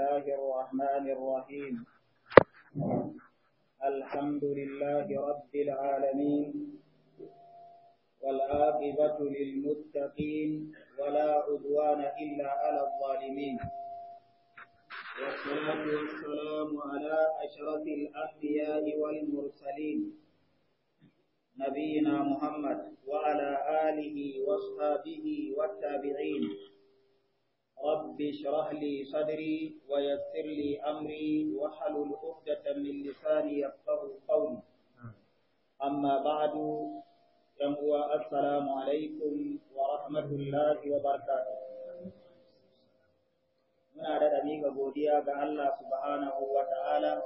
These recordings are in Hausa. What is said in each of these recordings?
الله الرحمن الرحيم الحمد لله رب العالمين والعاقبة للمتقين ولا عدوان إلا على الظالمين والصلاة والسلام على أشرف الأنبياء والمرسلين نبينا محمد وعلى آله وصحبه والتابعين رب اشرح لي صدري ويسر لي أمري واحلل عقدة من لساني يفقه قولي أما بعد يمهو السلام عليكم ورحمة الله وبركاته muna da miƙa godiya ga Allah subhanahu wa ta'ala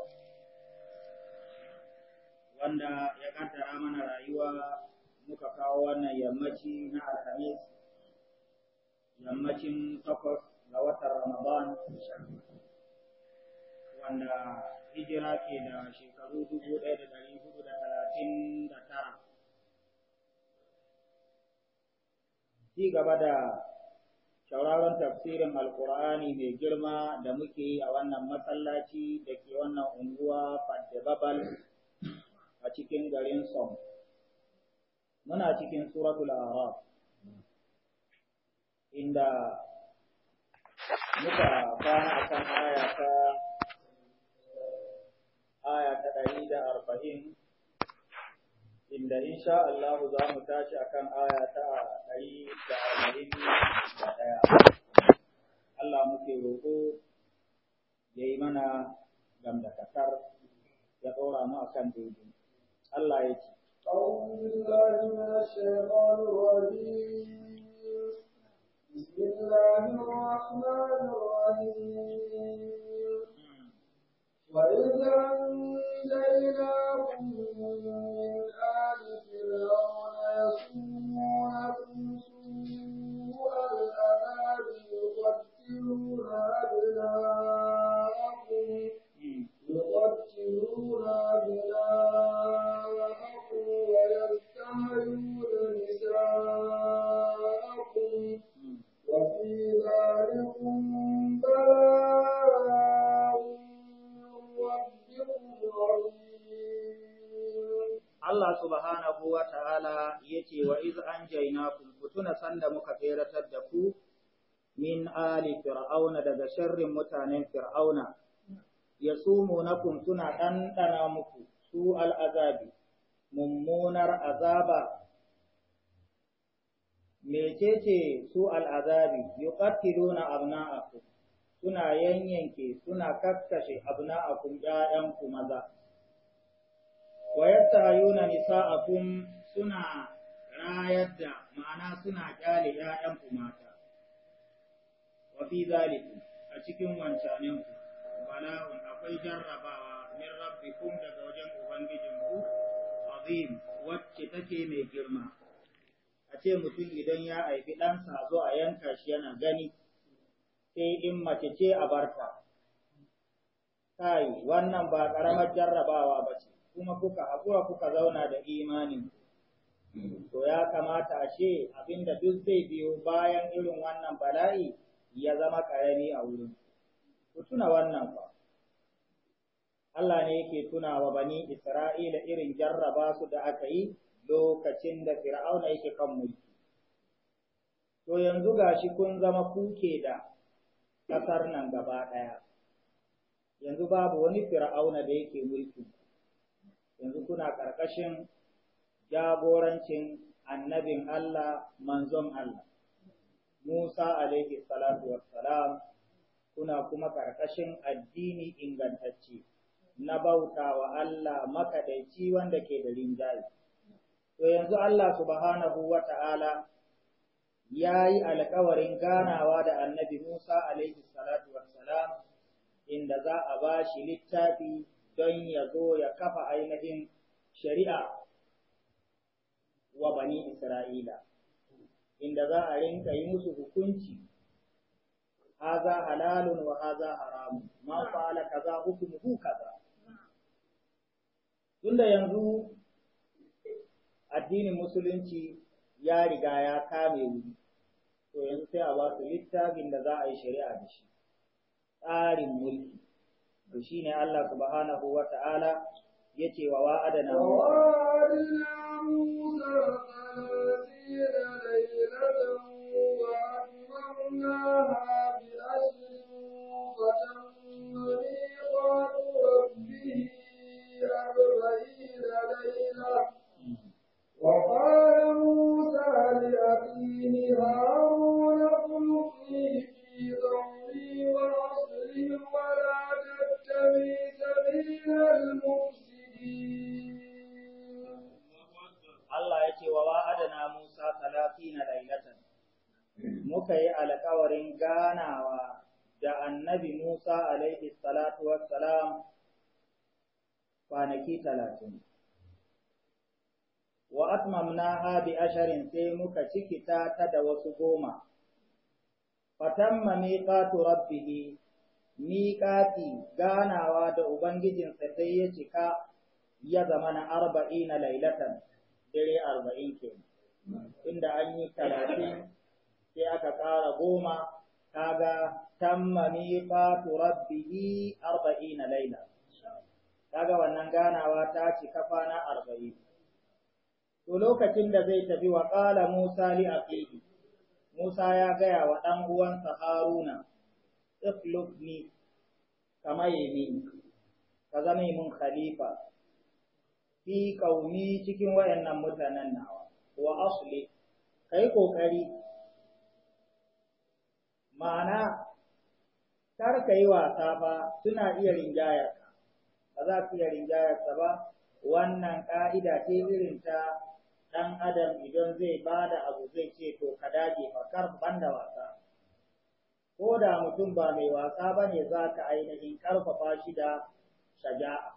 wanda ya kaddara mana rayuwa muka kawo wannan yammaci na alhamis yammacin takwas ga watan Ramadan wanda hijira ke da shekaru dubu ɗaya da ɗari hudu da talatin da tara. Ci gaba da shauraron tafsirin Alƙur'ani mai girma da muke a wannan masallaci da ke wannan unguwa Fadde Babal a cikin garin Som. Muna cikin Suratul Araf. inda muka kwana a kan aya ta ɗari da arba'in inda insha Allah za mu tashi akan aya ta ɗari da arba'in da ɗaya Allah muke roƙo ya yi mana gamdakatar ya ɗora mu a kan daidai Allah ya ce أعوذ بالله من الشيطان الرجيم بسم الله الرحمن الرحيم وإذ أنزلنا sharrin mutanen fir'auna ya sumunakum suna ɗanɗana muku su al'azabi mummunar azaba mecece su al'azabi yuqattiluna abna'akum suna yanyanke suna kakkashe abna'akum ƴaƴanku maza wa a kun suna rayar da ma'ana suna ƙyale ‘ya'yanku mata, wa fi zalikum a cikin wancaninku bala'un akwai jarrabawa min rabbikum daga wajen ubangijinku azim wacce take mai girma a ce mutum idan ya haifi ɗansa zo a yanka shi yana gani sai in mace ce a barka kai wannan ba karamar jarrabawa ba ce kuma kuka haƙura kuka zauna da imanin to ya kamata a ce abinda duk zai biyo bayan irin wannan bala'i ya zama ƙarami a wurin. Ku tuna wannan ba. Allah ne yake tuna wa bani Isra'ila irin jarraba su da aka yi lokacin da Fir'auna yake kan mulki. To yanzu gashi kun zama kuke da ƙasar nan gaba ɗaya. Yanzu babu wani Fir'auna da yake mulki. Yanzu kuna ƙarƙashin jagorancin annabin Allah, manzon Allah. Musa alaihi salatu wassalam kuna kuma ƙarƙashin addini ingantacce na bauta wa Allah makaɗaici wanda ke da rinjaye. To yanzu Allah subhanahu wa ta'ala ya yi alkawarin ganawa da annabi Musa alaihi salatu wassalam inda za a ba shi littafi don ya zo ya kafa ainihin shari'a wa bani Isra'ila. inda za a rinka yi musu hukunci haza halalun wa haza haramun ma fa'ala kaza hukumuhu kaza tunda yanzu addinin musulunci ya riga ya kame wuri to yanzu sai a ba su littafin da za a yi shari'a da shi tsarin mulki to shine Allah subhanahu wa ta'ala yace wa wa'adana Musa فيه هارون اخلفني في قومي وعصرهم ولا تتبع سبيل المفسدين Allah ya ce wa adana Musa talatina lailatan muka yi alkawarin ganawa da annabi Musa alaihi salatu wassalam kwanaki talatin. wa ha bi asharin sai muka cikita ta da wasu goma fatamma miqatu rabbih miqati ganawa da ubangijinsa sai ya cika ya zama na arba'ina lailatan dare arba'in ke inda an yi talatin sai aka ƙara goma kaga tamma miqatu rabbih na laila kaga wannan ganawa ta cika kwana arba'in to lokacin da zai tafi wa ƙala Musa li Musa ya gaya wa ɗan uwansa Haruna ka maye ni, ka zama mun khalifa fi kauni cikin wayannan mutanen nawa wa asli kai kokari ma'ana kar ka yi wasa ba suna iya rinjayar ba za su iya rinjayar ba wannan ƙa'ida ce irin ta dan adam idan zai bada abu zai ce to ka dage fakar banda wasa ko da mutum ba mai wasa bane za ka ainihin karfafa shi da shaja'a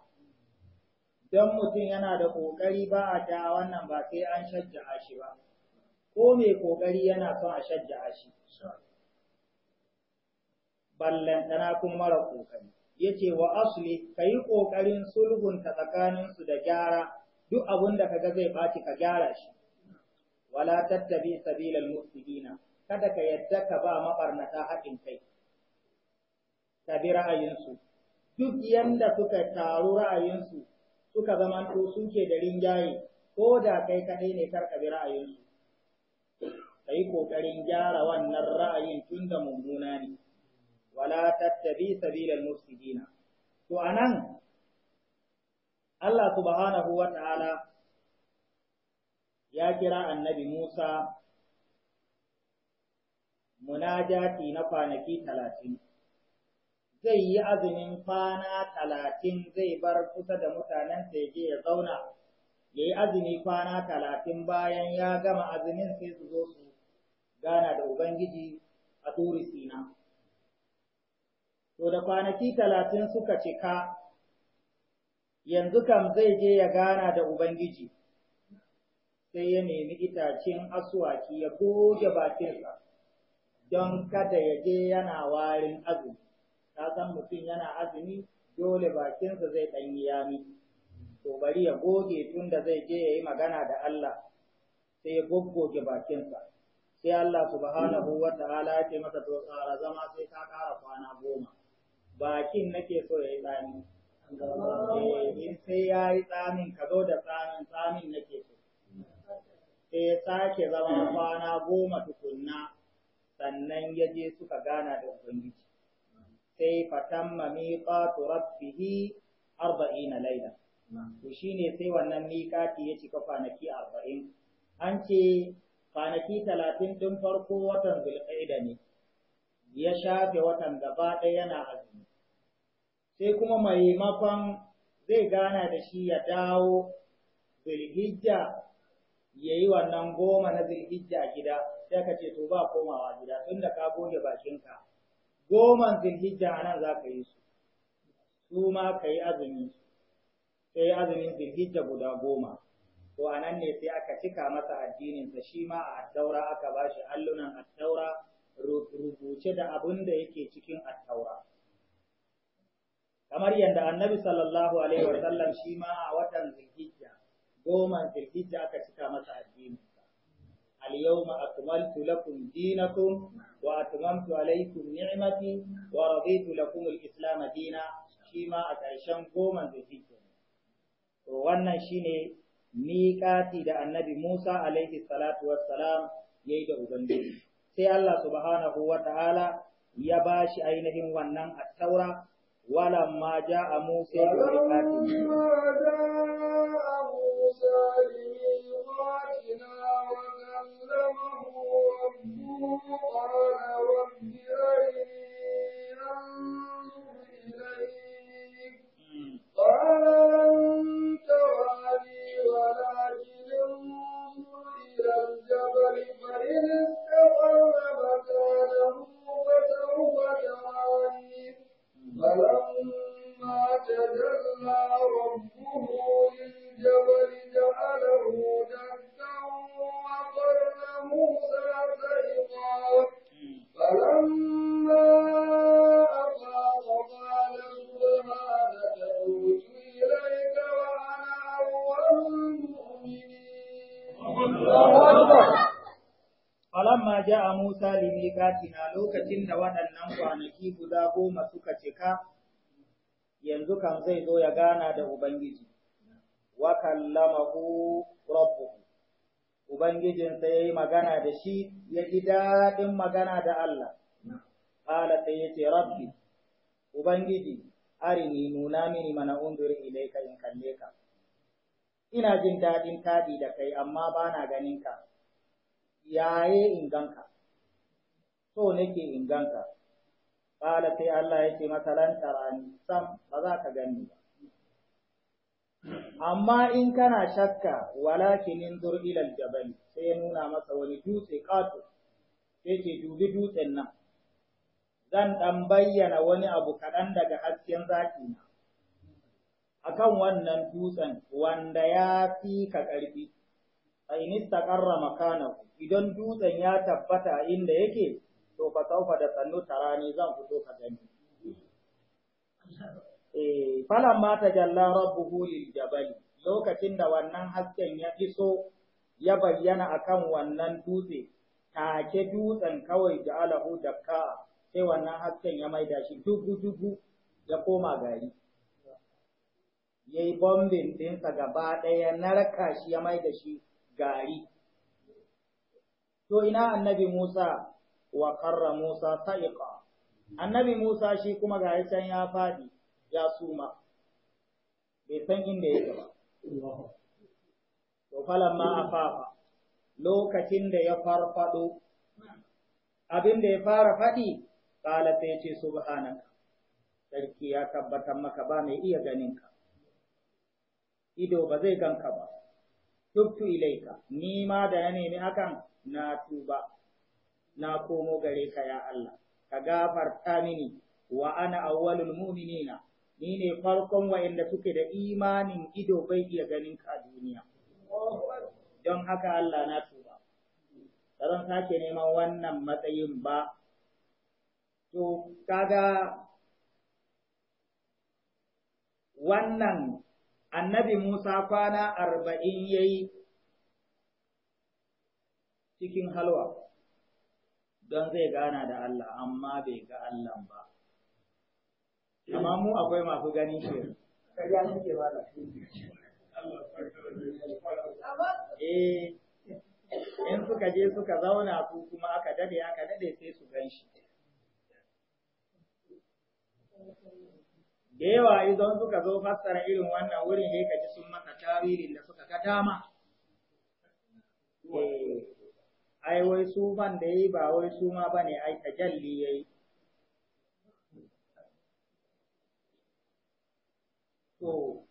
dan mutum yana da ƙoƙari ba a ta wannan ba sai an shajja'a shi ba ko mai ƙoƙari yana son a shajja'a shi tana kun mara ƙoƙari yace wa asuli ka yi ƙoƙarin sulhunta tsakaninsu da gyara duk abin da kaga zai baki ka gyara shi wala tattabi sabilal mufsidina kada ka yadda ka ba mabarnata haƙin kai ka bi ra'ayinsu duk yanda suka taru ra'ayinsu suka zama to suke da ringaye ko da kai kaɗai ne kar ka bi ra'ayinsu ka yi ƙoƙarin gyara wannan ra'ayin tun da mummuna ne wala tattabi sabilal mufsidina to anan Allah subhanahu wa ta'ala ya kira annabi Musa munajati na kwanaki talatin, zai yi azumin kwana talatin zai bar kusa da mutanen ya ya zauna, ya yi azumi kwana talatin bayan ya gama azumin sai su zo su gana da Ubangiji a Turi To da kwanaki talatin suka cika yanzu kam zai je ya gana da Ubangiji, sai ya nemi itacen asuwaki ya goge bakinsa don kada ya je yana warin azumi, ta san mutum yana azumi dole bakinsa zai ɗanyi yami, to bari ya goge tun da zai je ya yi magana da Allah sai ya goggoge bakinsa. Sai Allah subhanahu wa ta'ala ya ce masa to tsara zama sai ka ƙara kwana goma, bakin nake so ya yi tsani. Eh, in sai ya yi tsamin ka zo da tsamin tsamin ke so sai ya sake zama kwana goma tukunna sannan ya je suka gana da ubangiji sai fatamma miqatu rabbihi arba'ina laila to shine sai wannan miqati ya cika kwanaki arba'in an ce kwanaki talatin ɗin farko watan zulqa'ida ne ya shafe watan gaba ɗaya yana sai kuma maimakon zai gana da shi ya dawo zirgija ya yi wannan goma na a gida sai ka ce to ba komawa gida tunda ka goge bakinka goman zilhijja a nan za ka yi su su ma ka yi azumi sai azumin zilhijja guda goma to a nan ne sai aka cika masa addininsa shi ma a attaura aka ba shi allunan attaura rubuce da abin da yake cikin attaura. kamar yadda annabi sallallahu alaihi wa sallam shi ma a watan zulhijja goma zulhijja aka cika masa addini اليوم أكملت لكم دينكم وأتممت عليكم نعمتي ورضيت لكم الإسلام دينا شيما أتعشان قوما بفكر وانا شيني ميقاتي دا النبي موسى عليه الصلاة والسلام ييدا أبنبي سي الله سبحانه وتعالى يباشي أينهم ونن التوراة ولما جاء موسى ولما جاء موسى بميقاتنا وكلمه ربه قال رب أرني أنظر إليك قال لن تراني ولكن انظر إلى الجبل فإن استقر مكانه فسوف تراني فلما تجلى ربه للجبل جعله دكا وقرن موسى سيقا فلما أفاق قال سبحانك أوت إليك وأنا أول المؤمنين ja a Musa limiqatina lokacin da waɗannan kwanaki guda goma suka cika yanzu kan zai zo ya gana da Ubangiji wa kallamahu rabu. Ubangijin sai yi magana da shi ya ji daɗin magana da Allah qala sai yace rabbi Ubangiji arini nuna mini mana unduri ilaika in kalle ka ina jin daɗin taɗi da kai amma bana ganin ka yaye in so nake in ganka sai Allah yake masa lan tarani sam ba za ka gani ba amma in kana shakka walakin inzur ila aljabal sai ya nuna masa wani dutse kato yake dubi dutsen nan zan ɗan bayyana wani abu kaɗan daga hasken zaki na akan wannan dutsen wanda ya fi ka ƙarfi in takarra makanahu idan dutsen ya tabbata inda yake to fa saufa da sannu tarani zan fito ka gani eh mata jalla rabbuhu lil jabal lokacin da wannan hasken ya iso ya bayyana akan wannan dutse take dutsen kawai da alahu dakka sai wannan hasken ya maida shi dubu dubu ya koma gari yayi bombin ɗinsa gaba ɗaya narka shi ya maida shi gari to ina annabi Musa wa karra Musa sa'iqa annabi Musa shi kuma ga can ya fadi ya suma bai san inda yake ba to falamma afafa lokacin da ya farfado abin da ya fara faɗi qala sai ce subhanaka sarki ya tabbatar maka ba mai iya ganinka ido ba zai ganka ba tubtu ilaika ni ma da na nemi hakan na tuba na komo gare ka ya Allah ka gafarta mini wa ana awwalul mu'minina ni ne farkon wa'inda suke da imanin ido bai iya ganin ka a duniya don haka Allah na tuba ba zan sake neman wannan matsayin ba to kaga wannan annabi Musa kwana arba'in ya yi cikin halwa don zai gana da Allah amma bai ga Allah ba. Amma mu akwai masu ganin shi. Eh, in suka je suka zauna su kuma aka dade aka dade sai su gan shi. da yawa idan suka zo fassara irin wannan wurin sai ka ji sun masa tarihin da suka ga dama eh, ai wai su ban da yi ba wai su ma bane ai tajalli yayi to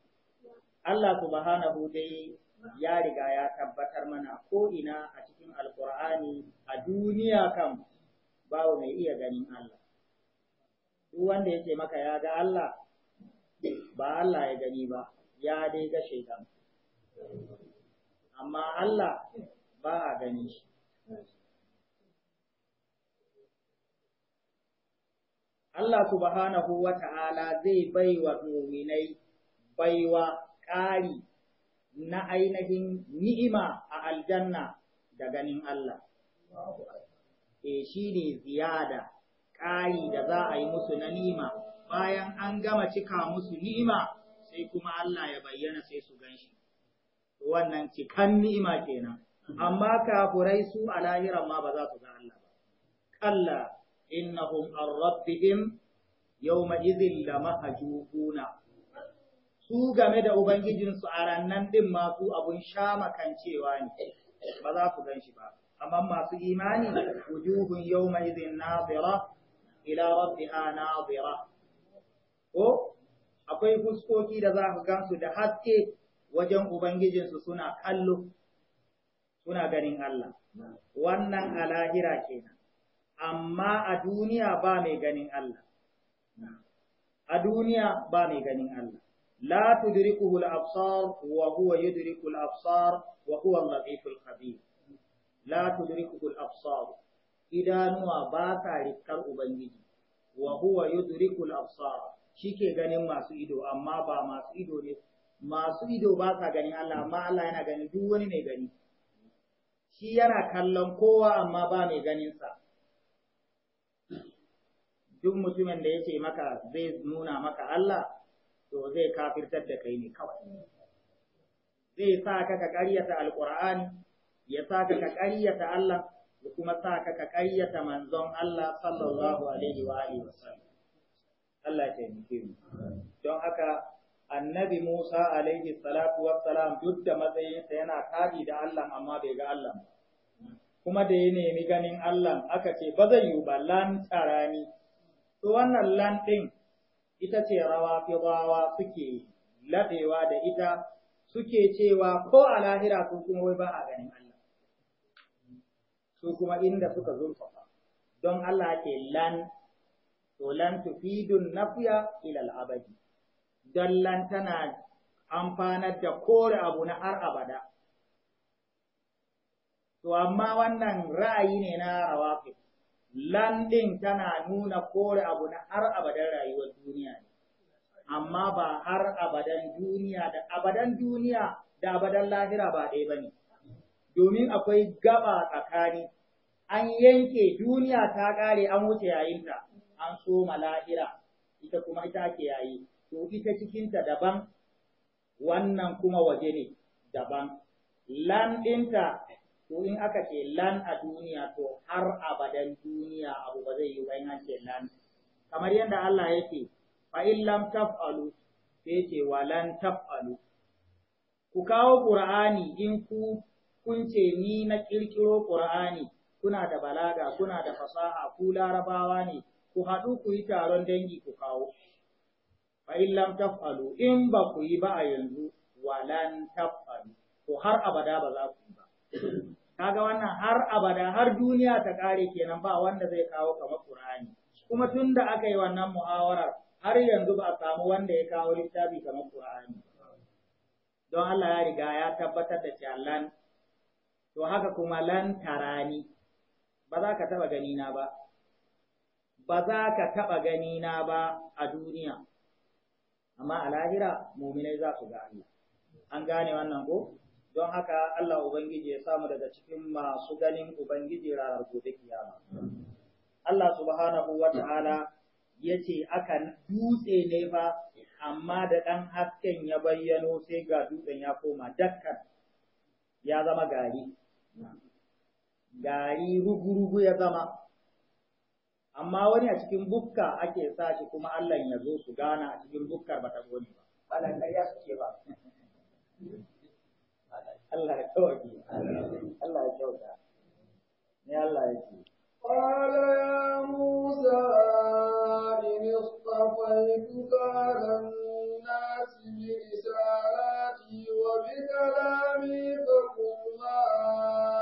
Allah subhanahu dai ya riga ya tabbatar mana ko ina a cikin alkur'ani a duniya kan babu mai iya ganin Allah duk wanda yake maka ya ga Allah ba Allah ya gani ba ya dai ga shaidan amma Allah ba a gani shi Allah subhanahu wa ta'ala zai wa dominai baiwa ƙari na ainihin ni'ima a aljanna da ganin Allah. E shi ne ziyada ƙari da za a yi musu na ni'ima bayan an gama cika musu ni'ima sai kuma Allah ya bayyana sai su gan shi. Wannan cikan ni'ima kenan. Amma kafurai su a lahiran ma ba za su ga Allah ba. Kalla innahum an rabbihim yawma idhin la Su game da Ubangijinsu a rannan ɗin ma abun sha makancewa ne, ba za ku gan shi ba. Amma masu imani, wujuhun yawma idhin nazira ila rabbiha nazira. ko akwai fuskoki da za ka gansu da haske wajen Ubangijinsu suna kallo, suna ganin Allah, wannan alahira lahira kenan, amma a duniya ba mai ganin Allah, a duniya ba mai ganin Allah. La tudrikuhu al-absar wa huwa yudriku al-absar wa huwa al-latif al-khabir. La tudrikuhu al-absar idanuwa ba ta rikkar ubangiji wa huwa yudriku al-absar shi ke ganin masu ido amma ba masu ido ne masu ido ba sa ganin Allah amma Allah yana gani duk wani mai gani shi yana kallon kowa amma ba mai ganinsa duk mutumin da ya ce maka zai nuna maka Allah to zai kafirtar da kai ne kawai zai sa ka ka ƙaryata alƙur'ani ya sa ka ka ƙaryata Allah da kuma sa ka ka ƙaryata manzon Allah sallallahu alaihi wa alihi Allah taimake mu don haka annabi Musa alaihi salatu wassalam duk da matsayinsa yana tabi da Allah amma bai ga Allah kuma da ya nemi ganin Allah aka ce ba zai yi ba lan tsarani to wannan lan ɗin ita ce rawa rawa suke laɗewa da ita suke cewa ko a lahira ko kuma wai ba a ganin Allah su kuma inda suka zurfafa don Allah ke lan to lan na nafiya ilal abadi dallan tana amfanar da kore abu na har abada to amma wannan ra'ayi ne na rawa lan Landin tana nuna kore abu na har abadan rayuwar duniya ne amma ba har abadan duniya da abadan duniya da abadan lahira ba ɗaya bane domin akwai gaba tsakani an yanke duniya ta ƙare an wuce yayinta an so mala'ira ita kuma ita ke yayi to ita cikinta daban wannan kuma waje ne daban lan ɗinta to in aka ce lan a duniya to har abadan duniya abu ba zai yi ba in ce lan kamar yadda Allah yake fa in taf'alu sai ce wa lan taf'alu ku kawo Qur'ani in ku kun ce ni na kirkiro Qur'ani kuna da balaga kuna da fasaha ku larabawa ne ku haɗu ku yi taron dangi ku kawo. Fa lam taf'alu in ba ku yi ba a yanzu walan taf'alu Ko har abada ba za ku yi ba. Kaga wannan har abada har duniya ta ƙare kenan ba wanda zai kawo kamar Qur'ani. Kuma tun da aka yi wannan muhawarar har yanzu ba a samu wanda ya kawo littafi kamar Qur'ani. Don Allah ya riga ya tabbatar da cewa to haka kuma lan tarani ba za ka taɓa ganina ba ba za ka taɓa gani na ba a duniya, amma a lahira muminai za su ga Allah. An gane wannan ko? Don haka Allah Ubangiji ya samu daga cikin masu ganin Ubangiji ranar gobe kiyama. Allah subhanahu wa ta'ala ya ce aka dutse ne ba, amma da ɗan hasken ya bayyano sai ga dutsen ya koma Dakkar ya zama gari. Gari rugu ya zama. amma wani a cikin bukka ake sa shi kuma Allah ya zo su gana a cikin bukkar ba ta goni ba Allah ya suke ba Allah ya tawaki Allah ya kyauta Ni Allah ya ce قال يا موسى إن اصطفيتك على الناس برسالاتي وبكلامي فكن ما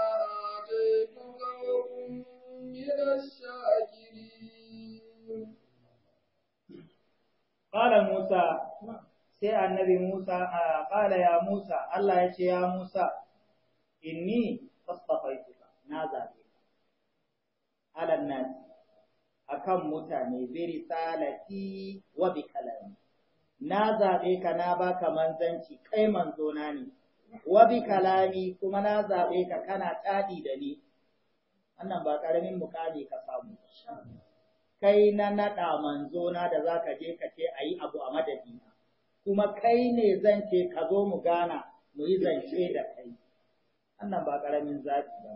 آتيتك وكن من الشاكرين Kala Musa, sai annabi Musa, kala ya Musa, Allah ya ce ya Musa, inni fastafaituka, na zaɓe ka. Alan a akan mutane, biri salati wa bi kalami. Na zaɓe ka na baka manzanci, kai manzona ne, wa bi kalami kuma na zaɓe ka kana taɗi da ni. Wannan ba ƙaramin mukami ka samu. kai na naɗa manzona da za ka je ka ce a yi abu a madadina, kuma kai ne zan ce ka zo mu gana mu yi zance da kai. Annan ba ƙaramin zafi ba.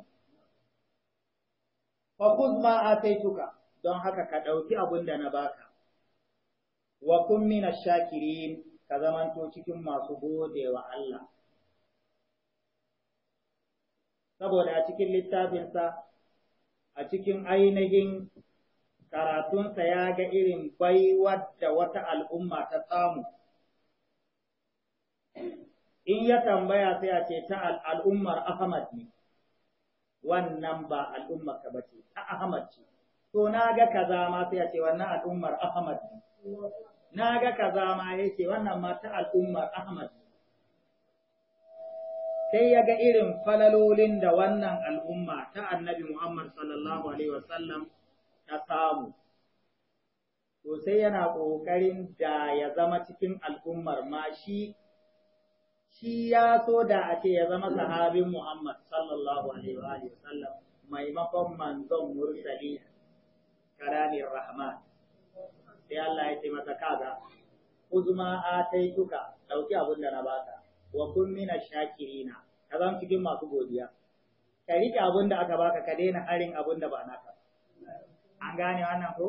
Fakuz ma a tuka, don haka ka ɗauki abin da na baka. Wa kun mina shakirin ka zamanto cikin masu gode wa Allah. Saboda a cikin littafinsa, a cikin ainihin karatunsa ya ga irin baiwar da wata al'umma ta samu. In ya tambaya sai a ce ta al'ummar Ahmad ne, wannan ba al'ummar ka ba ce, ta Ahmad ce. To na ga kaza ma sai a ce wannan al'ummar Ahmad ne. Na ga kaza ma ya ce wannan ma ta al'ummar Ahmad ne. Sai ya ga irin falalolin da wannan al'umma ta annabi Muhammad sallallahu Alaihi wasallam na samu, to sai yana ƙoƙarin da ya zama cikin al'ummar ma shi, shi ya so da a ce ya zama sahabin Muhammad sallallahu Alaihi wasallam maimakon manzon mursali ƙaramin Rahman. Sai Allah ya ce masa kaza, uzma a taituka, ɗauki abin da na baka, wa kun mina shakirina, ka zama cikin masu godiya. Ka riƙe abin da aka baka, ka daina harin abin da ba naka. an gane wannan ko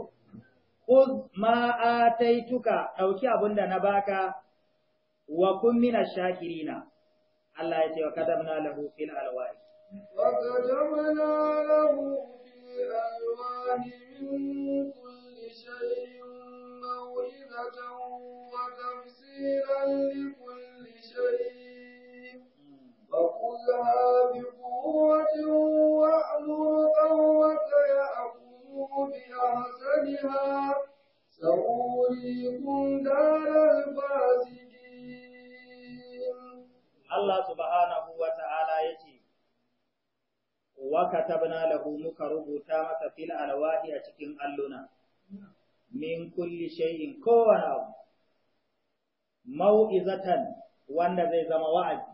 Uz ma ataituka ɗauki abin na baka wa kun mina shakirina Allah ya ce wa kadamna lahu fil alwari wa na lahu fil alwari min kulli shay'in mawidatan wa tafsiran li kulli shay'in wa qul ha bi quwwatin wa amru qawwata ya بأحسنها سأريكم دار الفاسقين الله سبحانه وتعالى يتي وكتبنا له مكرب تامة في الألواح أتكين ألنا من كل شيء كوانا موئزة wanda zai zama wa'azi,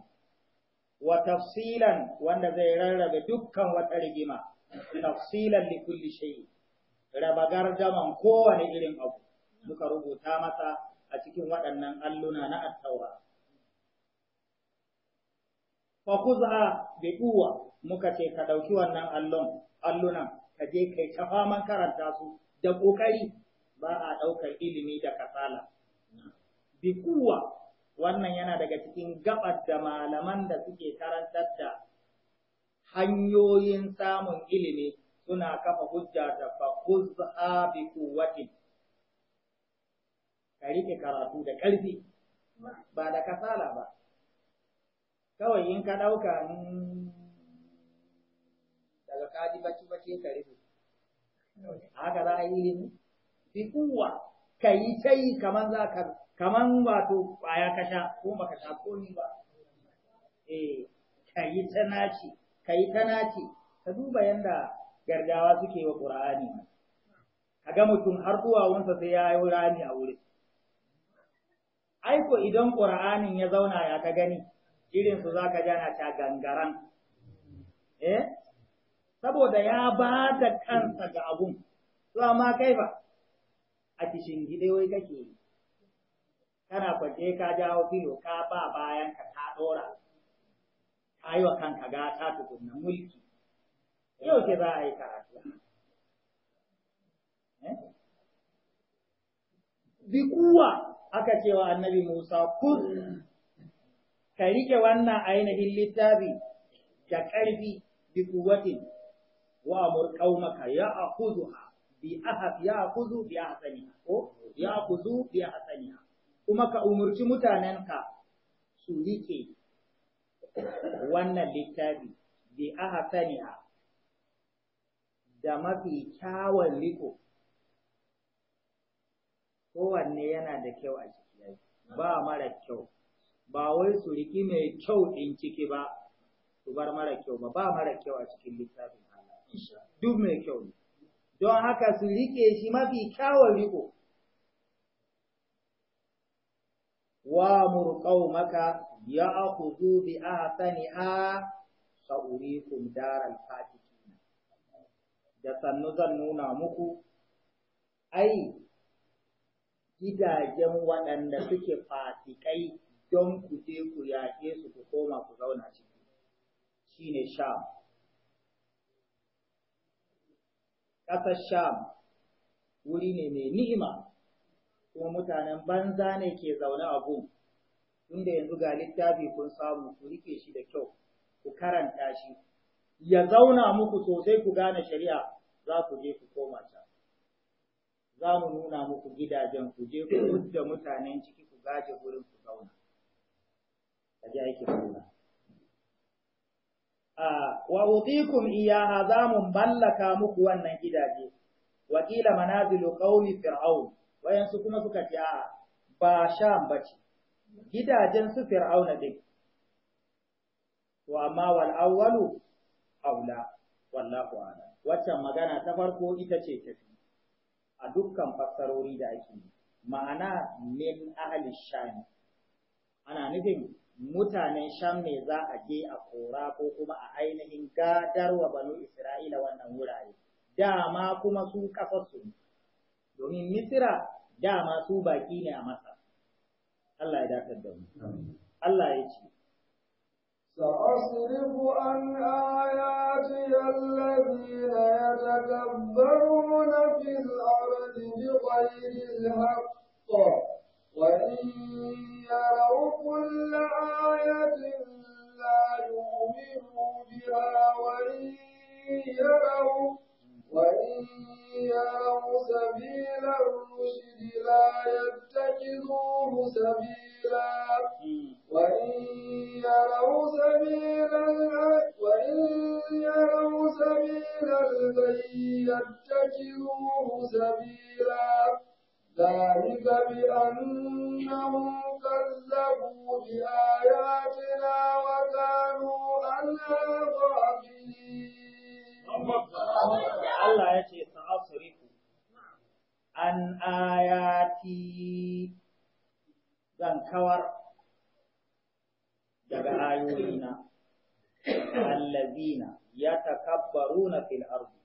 wa tafsilan wanda zai rarrabe dukkan wata rigima, tafsilan li kulli shayi, raba gardaman kowane irin abu muka rubuta masa a cikin waɗannan alluna na attaura. Fakuz'a bi quwa muka ce ka ɗauki wannan allon allunan ka je kai ta faman karanta su da ƙoƙari ba a ɗaukar ilimi da kasala. Bi quwa wannan yana daga cikin gabar da malaman da suke karantar da hanyoyin samun ilimi suna kafa hujja da fakuzha bi quwwati ka rike karatu da ƙarfi ba da kasala ba kawai in ka ɗauka daga kaji bacci bacci ka rufe haka za a yi ilimi bi kuwa ka yi ta yi kaman za ka kaman wato kwaya ka sha ko baka sha ko ni ba eh ka yi ta nace. ka yi ta ka duba yanda Gargawa suke wa Qur'ani a ga mutum har duwawunsa sai ya yi rami a wuri aiko idan Qur'anin ya zauna ya ka gani irin su zaka jana ta gangaran eh saboda ya ba da kansa ga abun to amma kai ba a kishin gide wai kake yi kana kwaje ka jawo filo ka ba bayan ka ta dora ka yi wa kanka gata tukunna mulki yau ce za a yi karatu eh? bikuwa aka cewa annabi Musa kun ka rike wannan ainihin littafi da ƙarfi bi kuwatin wa amur qaumaka ya ha bi ahab ya akhudhu bi ahsaniha ko ya akhudhu bi ahsaniha kuma ka umurci mutanenka su rike wannan littafi bi ha. da mafi kyawun riko kowanne yana da kyau a ciki ba mara kyau ba wai su riki mai kyau ɗin ciki ba su bar mara kyau ba ba mara kyau a cikin littafin Allah duk mai kyau ne don haka su rike shi mafi kyawun riko wa murqau maka ya akhudhu bi ahsaniha sa'urikum daral fatih da sannu zan nuna muku, ai, gidajen waɗanda suke fasikai don ku je ku yaƙe su ku koma ku zauna ciki, shi ne Sham. Ƙasar Sham wuri ne mai ni'ima, kuma mutanen banza ne ke zaune a gun, tunda yanzu ga littafi kun samu ku rike shi da kyau, ku karanta shi, ya zauna muku sosai ku gane shari'a, za ku je ku koma can za mu nuna muku gidajen ku je ku da mutanen ciki ku gaje wurin ku zauna ka ji aikin A wa utikum iyaha za mu mallaka muku wannan gidaje Wakila manazilu qaumi fir'aun wayansu kuma suka ce a ba sha bace gidajen su fir'auna dai. wa amma wal awwalu aula wallahu a'lam waccan magana ta farko ita ce tafi a dukkan fassarori da ake ma'ana min ahli sham ana nufin mutanen sham ne za a je a kora ko kuma a ainihin gadarwa banu isra'ila wannan wurare dama kuma su su domin misira dama su baki ne a masa Allah ya dakar da mu Allah ya ce سأصرف عن آياتي الذين يتكبرون في الأرض بغير الحق وإن يروا كل آية لا يؤمنوا بها وإن يروا وإن يروا سبيل الرشد لا يتخذوه سبيلا وإن يروا سبيل وإن يروا سبيل البي يتخذوه سبيلا ذلك بأنهم كذبوا بآياتنا وكانوا عنها غافلين Allah ya ce sa'asrifu an ayati zan kawar daga ayoyina allazina takabbaru fil ardi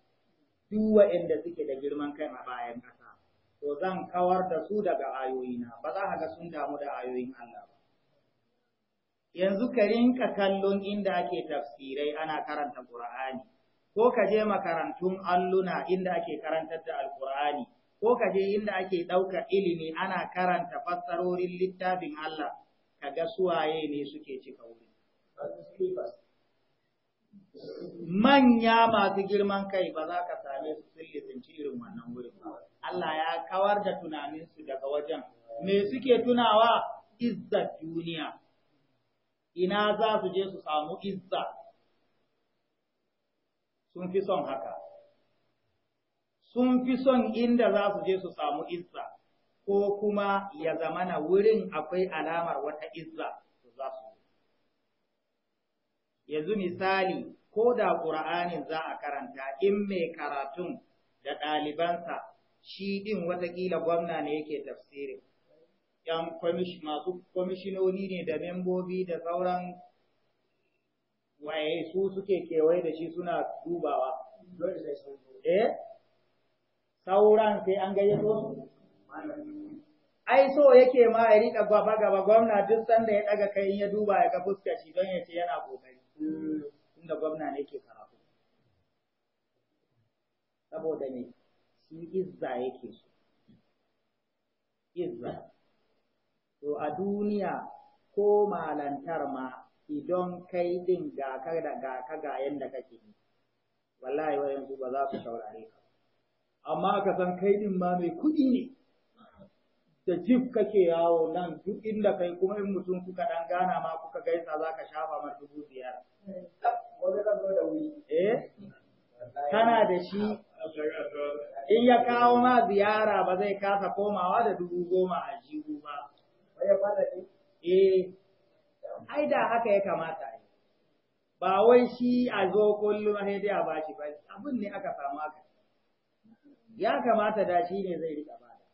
duk waɗanda suke da girman kai a bayan ƙasa to zan kawar da su daga ayoyina ba za ka ga sun damu da ayoyin Allah ba yanzu ka rinka kallon inda ake tafsirai ana karanta Qur'ani ko ka je makarantun alluna inda ake karantar da alkur'ani ko ka je inda ake ɗauka ilimi ana karanta fassarorin littafin Allah ka ga suwaye ne suke cika wuri. Manya masu girman kai ba za ka same su sun lizinci irin wannan wurin ba. Allah ya kawar da tunaninsu daga wajen. Me suke tunawa? izza duniya. Ina za su je su samu izza. sun fi son haka sun fi son inda za su je su samu izza ko kuma ya zamana wurin akwai alamar wata izza za su yanzu misali ko da ƙura'anin za a karanta in mai karatun da ɗalibansa shi ɗin watakila gwamna ne yake tafsirin ‘yan masu kwamishinoni ne da membobi da sauran waye su suke kewaye da shi suna dubawa eh sauran sai an gayyato su ai so yake ma ya rika gaba gaba gwamna duk sanda ya daga kai ya duba ya ga fuska shi don ya ce yana kokari tunda gwamna ne ke karatu saboda ne shi izza yake so izza to a duniya ko malantar ma idan kai din ga ka da ga ka ga yanda kake ni wallahi yanzu ba za su saurare ka amma ka san kai din ma mai kuɗi ne da jif kake yawo nan duk inda kai kuma in mutum kuka dan gana ma kuka gaisa za ka shafa ma dubu biyar. Eh? Kana da shi in ya kawo ma ziyara ba zai kasa komawa da dubu goma a jihu ba. Eh, ai da haka ya kamata yi ba wai shi a zo kullum sai dai a bashi ba abin ne aka samu haka ya kamata da shi ne zai rika bada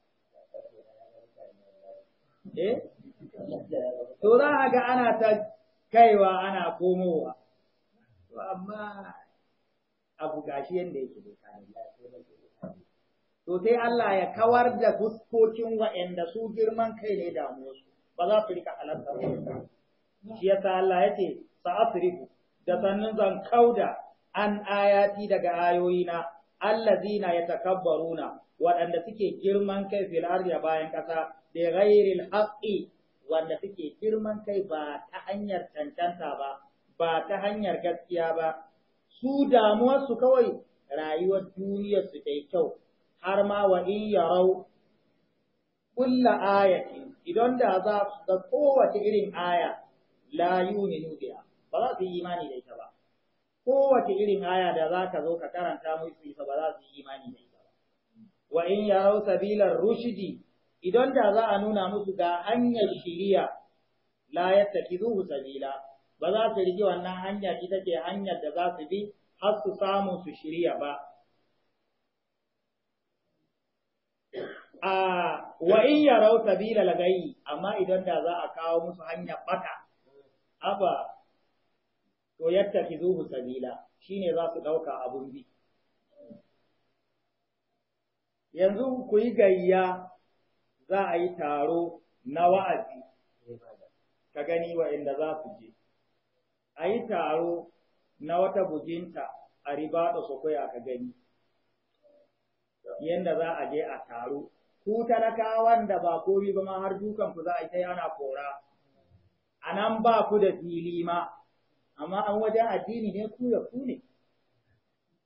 eh to za a ga ana ta kaiwa ana komowa to amma abu gashi yanda yake da kanin to sai Allah ya kawar da fuskokin waɗanda su girman kai ne damuwarsu ba za su rika halarta shi ya sa Allah ya ce sa'asrifu da sannan zan kauda an ayati daga ayoyina allazina yatakabbaruna waɗanda suke girman kai fil ardi bayan ƙasa da ghairil haqqi wanda suke girman kai ba ta hanyar cancanta ba ba ta hanyar gaskiya ba su damuwarsu kawai rayuwar duniyar su ta kyau har ma wa in yarau kulla ayati idan da za su ga kowace irin aya la yu'minu biha ba za su yi imani da ita ba kowace irin aya da za ka zo ka karanta musu ita ba za su yi imani da ita ba wa in ya rau sabilar Rushidi, idan da za a nuna musu ga hanyar shiriya la yattakizuhu sabila ba za su rige wannan hanyar ita ce hanyar da za su bi har su samu su shirya ba a ah, wa in yarau sabila lagayi amma idan da za a kawo musu hanyar bata aba to ki zuhu sabila shine za su dauka abun bi yanzu ku yi gayya za a yi taro na wa'azi ka gani wa inda za su je a yi taro na wata buginta a ribaɗa sokoya ka gani yadda za a je a taro ku talakawan da ba komi ba ma har dukanku za a yi ta yana kora a nan ba ku da fili ma, amma an wajen addini ne ku da ku ne.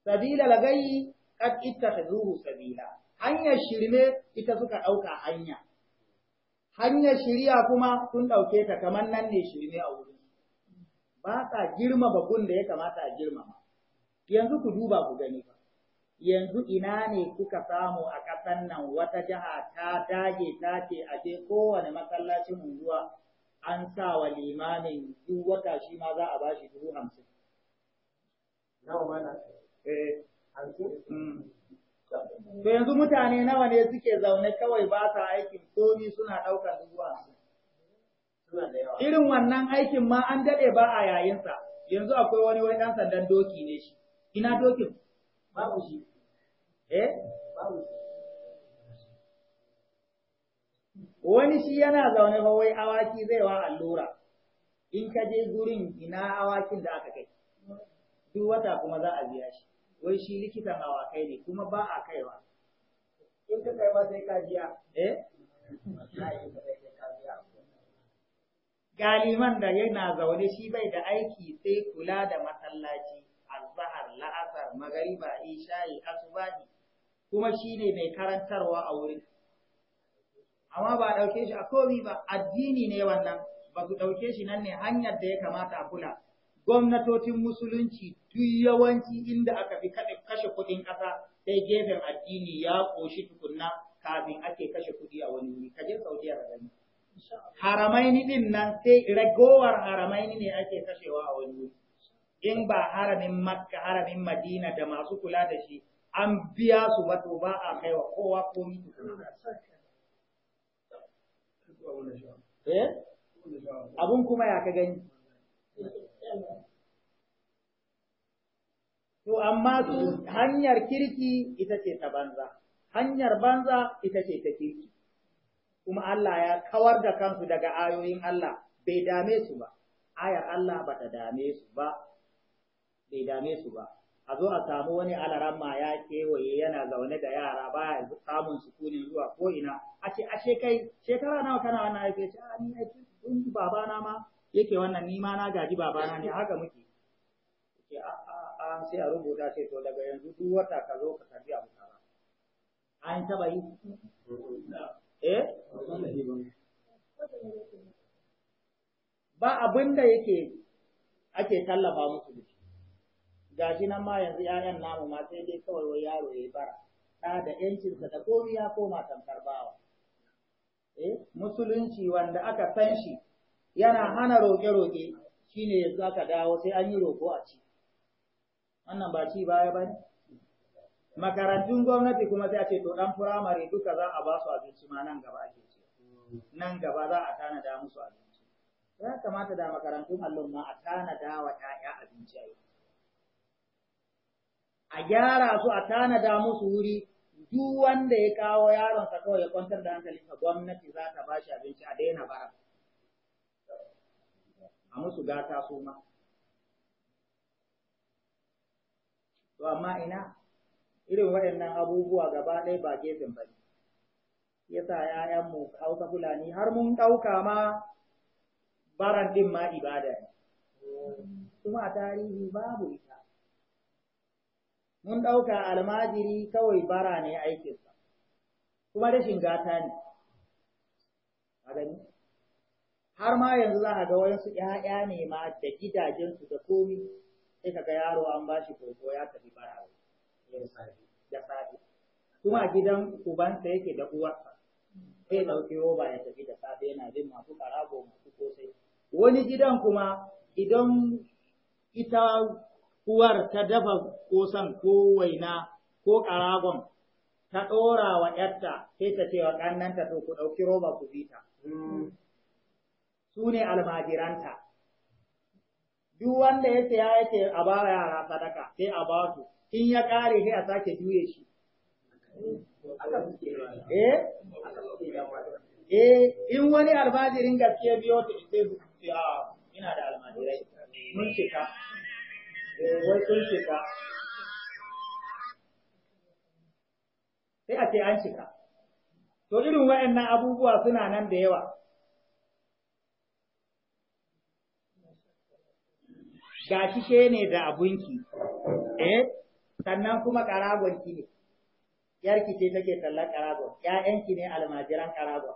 Sabila lagayi kad ittakhadhuhu sabila. Hanyar shirme ita suka ɗauka hanya. Hanyar shirya kuma sun ɗauke ta kamar nan ne shirme a wurin. Ba sa girma bakun da ya kamata a girmama. Yanzu ku duba ku gani ba. Yanzu ina ne kuka samu a ƙasan nan wata jiha ta dage ta ce a je kowane masallacin unguwa an sa wa limamin duk wata shi ma za a ba shi dubu hamsin. Nawa mana? Eh. Mm. To yanzu mutane nawa ne suke zaune kawai ba sa aikin komi suna ɗaukar dubu hamsin. Irin wannan aikin ma an daɗe ba a yayinsa, yanzu akwai wani wani ɗan sandan doki ne shi, ina dokin? Babu shi. Eh? Babu shi. wani shi yana zaune fa wai awaki zai wa allura in ka je gurin ina awakin da aka kai duk wata kuma za a biya shi wai shi likitan awakai ne kuma ba a kaiwa in ka kai ba sai ka biya eh? galiman da yana zaune shi bai da aiki sai kula da masallaci azhar la'asar magariba isha'i asubahi kuma shi ne mai karantarwa a wurin amma ba a ɗauke shi a komi ba addini ne wannan ba su ɗauke shi nan ne hanyar da ya kamata a kula gwamnatocin musulunci duk yawanci inda aka fi kashe kuɗin ƙasa sai gefen addini ya ƙoshi tukunna kafin ake kashe kuɗi a wani wuri kaje saudiya ka gani haramaini din nan sai ragowar haramaini ne ake kashewa a wani wuri in ba haramin makka haramin madina da masu kula da shi an biya su wato ba a kaiwa kowa komi tukunna eh abun kuma ya ka gani to amma su hanyar kirki ita ce ta banza hanyar banza ita ce ta kirki kuma Allah ya kawar da kansu daga ayoyin Allah bai dame su ba ayar Allah ba ta dame su ba bai dame su ba a zo a samu wani alaramma ya kewaye yana zaune da yara ba baya samun sukunin zuwa ko ina a ce ashe kai shekara nawa kana wannan aiki ce a ah, ni aiki tun babana ma yake wannan ni ma na gaji babana ne haka muke ce a ah, a ah, a sai a rubuta sai to daga yanzu duk wata ka zo ka tafi abu kaza an taba yi eh ba abin da yake ake tallafa musu da gashi nan ma yanzu 'ya'yan namu ma sai dai kawai wai yaro ya yi bara ɗa da ƴancinsa da komi ya koma tamkar bawa eh musulunci wanda aka san shi yana hana roƙe-roƙe shine yanzu aka dawo sai an yi roƙo a ci wannan ba ci baya ba ne makarantun gwamnati kuma sai a ce to ɗan firamare duka za a ba su abinci ma nan gaba ake ce nan gaba za a tanada musu abinci ya kamata da makarantun allon ma a tanada wa 'ya'ya abinci a yi a gyara su a tanada musu wuri duk wanda ya kawo yaronsa kawai ya kwantar da hankalinsa gwamnati za ta ba abinci a daina bara a musu gata su ma to amma ina irin waɗannan abubuwa gaba ɗaya ba gefen ba yasa ‘ya'yanmu hausa fulani har mun ɗauka ma baran ɗin ma ibada ne kuma a tarihi babu ita mun ɗauka almajiri kawai bara ne aikinsa, kuma rashin gata ne, a gani? Har ma yanzu za a ga wayansu ‘ya'ya ne ma da gidajensu da komi, sai kaga yaro an ba shi koko ya tafi bara da safe, kuma gidan gidan ubansa yake da uwarsa, sai ɗauki roba ya tafi da safe yana jin masu karago masu kosai. Wani gidan kuma idan ita uwar ta dafa kosan ko waina ko ƙaragon ta ɗora wa ƴarta sai ta ce wa ƙannanta to ku ɗauki roba ku bi ta. Mm. Su ne almajiranta. Duk wanda ya saya ya ce a ba yara sadaka sai a ba su, in ya ƙare sai a sake juye shi. Eh? Eh, in wani almajirin gaske biyo ta ce ah, ina da almajirai, mun ka. wai sun shiga sai a ce an shiga to irin waɗannan abubuwa suna nan da yawa ga ne da abunki eh sannan kuma ki ne yarki ce take tallar karagon Ya'yanki ne almajiran karagon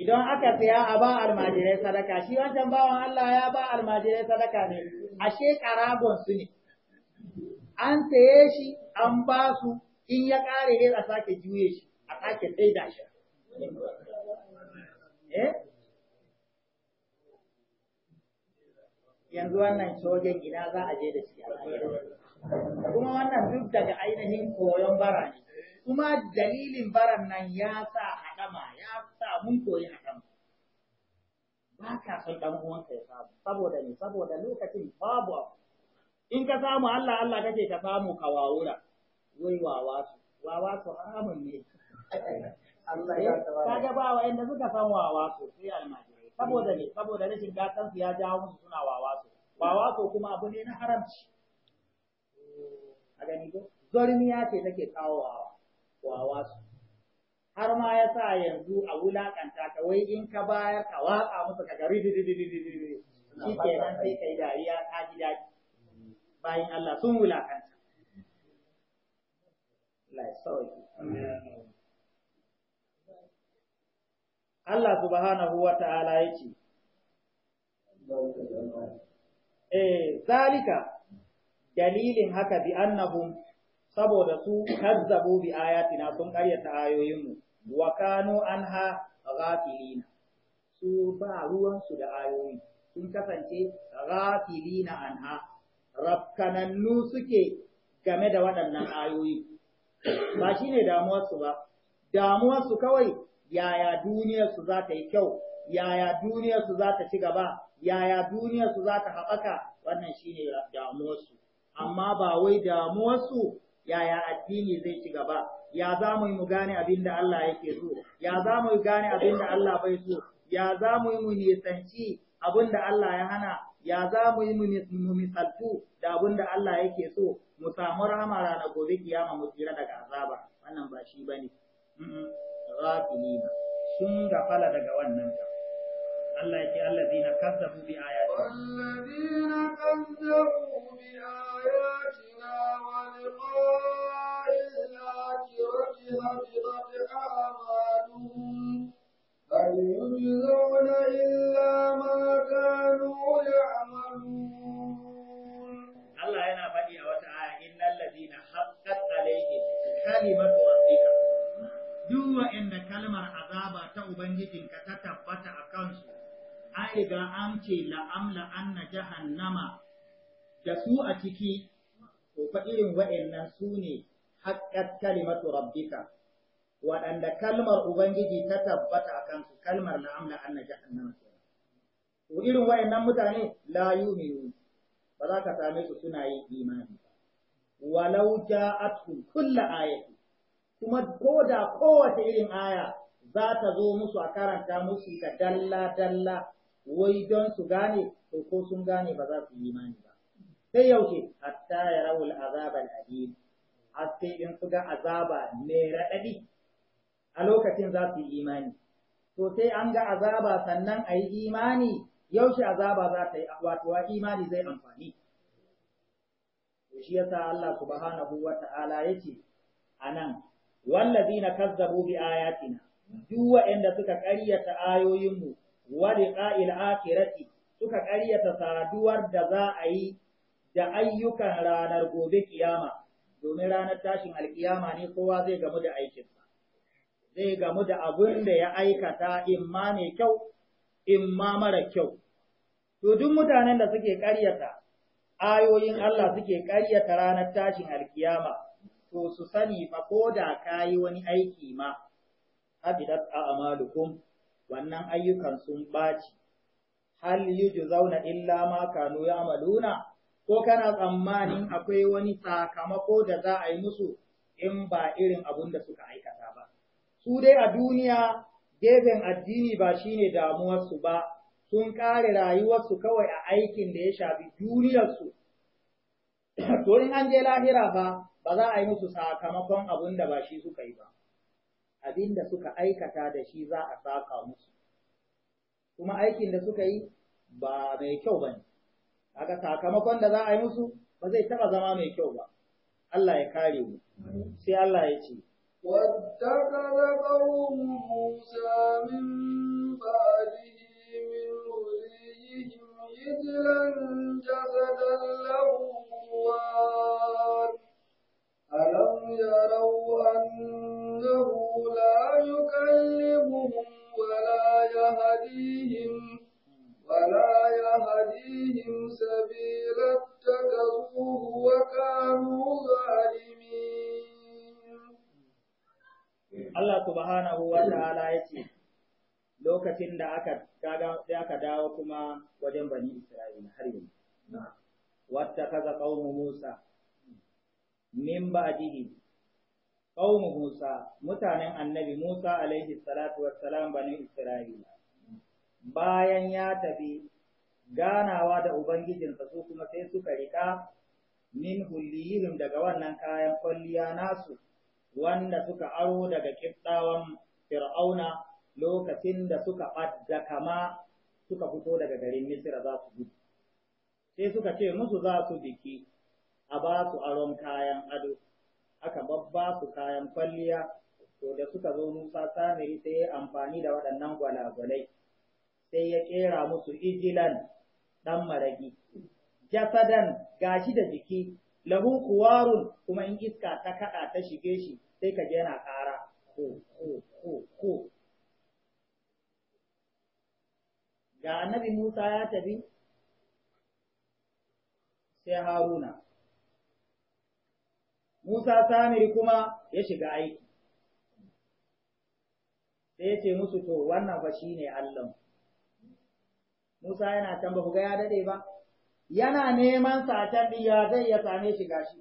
idan aka saya a ba almajirai sadaka shi wancan bawan Allah ya ba almajirai sadaka ne ashe karagon su ne an tsaye shi an ba su in ya kare ne a sake juye shi a sake da shi eh? yanzu wannan cogen ina za a je da shi kuma wannan duk daga ainihin koyon bara ne kuma dalilin baran nan ya sa haɗama ya sa mun koyi haɗama ba ka son ɗan uwanka ya samu saboda ne saboda lokacin babu abu in ka samu Allah Allah kake ka samu ka wawura wai wawa su wawa su haramun ne eh, ka ga ba wa'anda suka san wawa su sai almajirai saboda ne saboda rashin gatan su ya jawo musu suna wawa su wawa su kuma abu ne na haramci a gani ko zormiya ce take kawo wawa wawa su har ma ya sa yanzu a wulaƙanta ka wai in ka bayar ka waƙa musu ka gari dididididididi shi ke nan sai kai dariya ta ji daɗi bayan Allah sun wulaƙanta. Allah subhanahu wa ta'ala ya ce, Eh, zalika dalilin haka bi annahum saboda su kazzabu bi ayatina sun karyata ayoyinmu wa kanu anha ghafilina su ba ruwansu da ayoyi sun kasance ghafilina anha rafkanannu suke game da waɗannan ayoyi ba shine damuwarsu ba damuwarsu kawai yaya duniyarsu za ta yi kyau yaya duniyarsu za ta ci gaba yaya duniyarsu za ta haɓaka wannan shine damuwarsu amma ba wai damuwarsu yaya addini zai ci gaba ya za mu yi mu gane abin da Allah yake so ya za mu yi gane abin da Allah bai so ya za mu yi mu nisanci abin da Allah ya hana ya za mu yi mu misaltu da abin da Allah yake so mu samu rahama rana gobe kiyama mu tsira daga azaba wannan ba shi bane ghafilina sun gafala daga wannan Allah yake allazina kazzabu bi ayati allazina kazzabu bi ayati ولقاء الآخرة هبطت أعمالهم بل يجزون إلا ما كانوا يعملون الله ينا duk wa'inda kalmar azaba ta ka ta tabbata a kansu, an riga an ce la'amla jahannama da su a ciki to fa irin wa'annan su ne haƙƙat kalimatu rabbika waɗanda kalmar ubangiji ta tabbata a kansu kalmar la'amna anna jahannama kenan to irin wa'annan mutane la yu'minu ba za ka same su suna yin imani ba walau ja'atkum kullu ayati kuma ko da kowace irin aya za ta zo musu a karanta musu ta dalla dalla wai don su gane to ko sun gane ba za su yi imani ba sai yaushe hatta ya rawul azaban alim har sai in su ga azaba mai raɗaɗi a lokacin za su yi imani to sai an ga azaba sannan a yi imani yaushe azaba za ta yi wato imani zai amfani to shi yasa Allah subhanahu wa ta'ala yace anan wallazina kazzabu bi ayatina duk waɗanda suka ƙaryata ayoyinmu wa liqa'il akhirati suka ƙaryata saduwar da za a yi da ayyukan ranar gobe kiyama domin ranar tashin alkiyama ne kowa zai gamu da aikinsa zai gamu da abin da ya aikata in ma mai kyau in ma mara kyau to duk mutanen da suke karyata, ayoyin Allah suke karyata ranar tashin alkiyama to su sani fa ko da kayi wani aiki ma habidat a'malukum wannan ayyukan sun baci hal yujzauna illa ma kanu ya'maluna ko kana tsammanin akwai wani sakamako da za a yi musu in ba irin abun da suka aikata ba. Su dai a duniya gefen addini ba shi shine damuwarsu ba, sun ƙare rayuwarsu kawai a aikin da ya shafi duniyarsu. To in an je lahira ba, ba za a yi musu sakamakon abun da ba shi suka yi ba. Abin da suka aikata da shi za a saka musu. Kuma aikin da suka yi ba mai kyau ba ne. haka sakamakon da za a yi musu ba zai taba zama mai kyau ba Allah ya kare mu sai Allah ya ce waddakara qawm musa min ba'di min ruhihim yidlan jazadan lahu wa alam yaraw annahu la yukallimuhum wa la yahdihim فلا يهديهم سبيل اتخذوه وكانوا ظالمين الله سبحانه وتعالى يتي lokacin da aka kaga sai aka dawo kuma wajen bani Isra'ila har yanzu wata kaza qaumu Musa min ba'dihi qaumu Musa mutanen annabi Musa alaihi salatu wassalam bani Isra'ila bayan ya tafi ganawa da Ubangijinsa su kuma sai suka riƙa min hullihim daga wannan kayan kwalliya nasu wanda suka aro daga kiftawan fir'auna lokacin da suka ɓadda kama suka fito daga garin Misira za su gudu. Sai suka ce musu za su biki a ba su aron kayan ado, aka babba su kayan kwalliya, to da suka zo Musa Samiri sai amfani da waɗannan gwalagwalai. sai ya kera musu ijilan ɗan maragi Jasadan gashi da jiki, lahu kuwarun kuma in iska ta kaɗa ta shige shi sai ka yana ƙara ko ko ko ko. Ga annabi Musa ya tafi sai Haruna. Musa Samiri kuma ya shiga aiki. Sai ya ce musu to wannan fa ne Allahn. Musa yana can ba ku ga ya dade ba yana neman sa can ya zai ya same shi gashi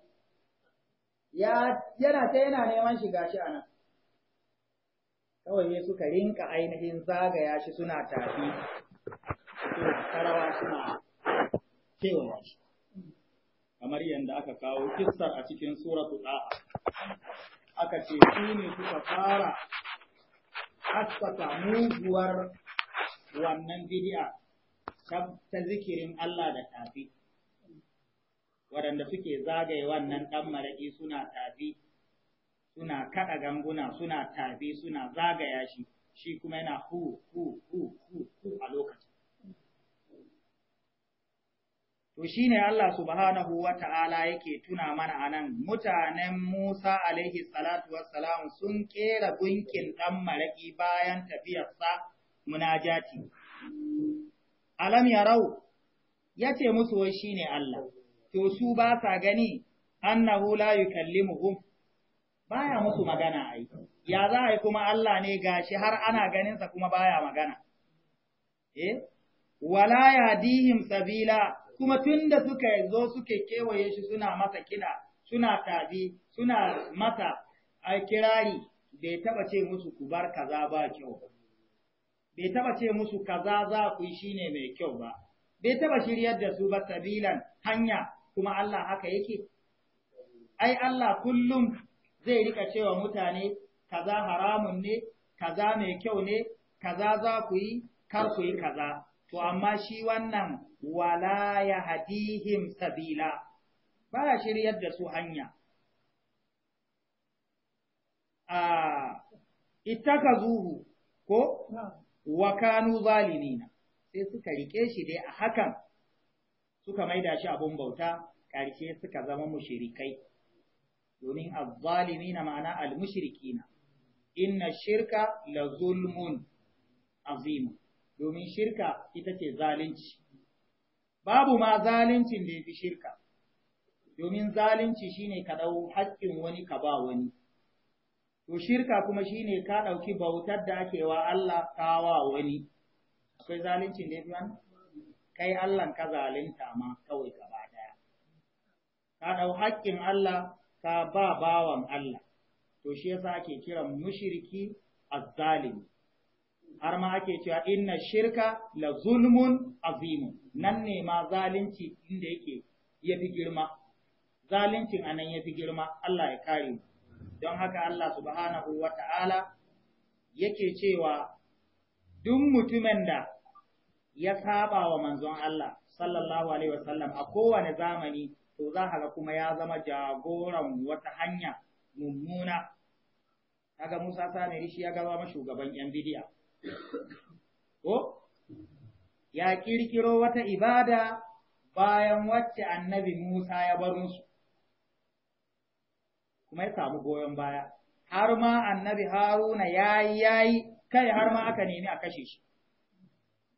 yana ta yana neman shi gashi anan kawai suka rinka ainihin zagaya shi suna tafi karawa suna kewa shi kamar yadda aka kawo kissar a cikin suratu ɗa'a, aka ce su ne suka fara haskaka muguwar wannan bidi'a ta zikirin Allah da tafi waɗanda suke zagaye wannan ɗan maraƙi suna tafi suna kaɗa ganguna suna tafi suna zagaya shi shi kuma yana hu hu hu hu hu a lokacin to shi ne Allah subhanahu Ta'ala yake tuna mana a nan. mutanen Musa alaihi salatu wassalam sun ƙera gunkin ɗan maraƙi bayan tafiyarsa munajati alam yarau ce musu wai shi ne Allah to su ba sa gani annahu la kalli baya musu magana yi, ya za a yi kuma Allah ne ga shi har ana ganinsa kuma baya magana eh wala dihim sabila kuma tun da suka zo suke kewaye shi suna masa kina, suna tabi suna masa a kirari bai taba ce musu ku bar kaza ba kyau bai taba ce musu kaza za ku yi shine mai kyau ba bai taba shiryar da su ba sabilan hanya kuma Allah haka yake ai Allah kullum zai rika cewa mutane kaza haramun ne kaza mai kyau ne kaza za ku yi kar ku yi kaza to amma shi wannan wala ya hadihim sabila Ba baya shiryar da su hanya a ah, ittakazuhu ko wa kanu zalimina sai suka rike shi dai a hakan suka maida shi abun bauta ƙarshe suka zama mushrikai domin azzalimina ma'ana al-mushrikina, almushrikina inna shirka la zulmun azim domin shirka ita ce zalunci babu ma zaluncin da yafi shirka domin zalunci shine ka dau haƙƙin wani ka ba wani To shirka kuma shine ka ɗauki bautar da ake wa Allah kawa wani. Akwai zalunci ne yafi Kai Allah ka zalunta ma kawai gaba ɗaya. Ka ɗau haƙƙin Allah ka ba bawan Allah. To shi yasa ake kiran mushriki azzalimi. har ma ake cewa inna shirka la zulmun azimu nan ne ma zalunci inda yake ya fi girma zaluncin anan ya fi girma Allah ya kare mu don haka Allah subhanahu wa ta'ala yake cewa duk mutumin da ya saba wa manzon Allah sallallahu alaihi wasallam a kowane zamani to za ka kuma ya zama jagoran wata hanya mummuna kaga Musa Samiri shi ya gaba shugaban yan bidiya ko ya kirkiro wata ibada bayan wacce annabi Musa ya bar musu kuma ya samu goyon baya har ma annabi haruna ya yi. kai har ma aka nemi a kashe shi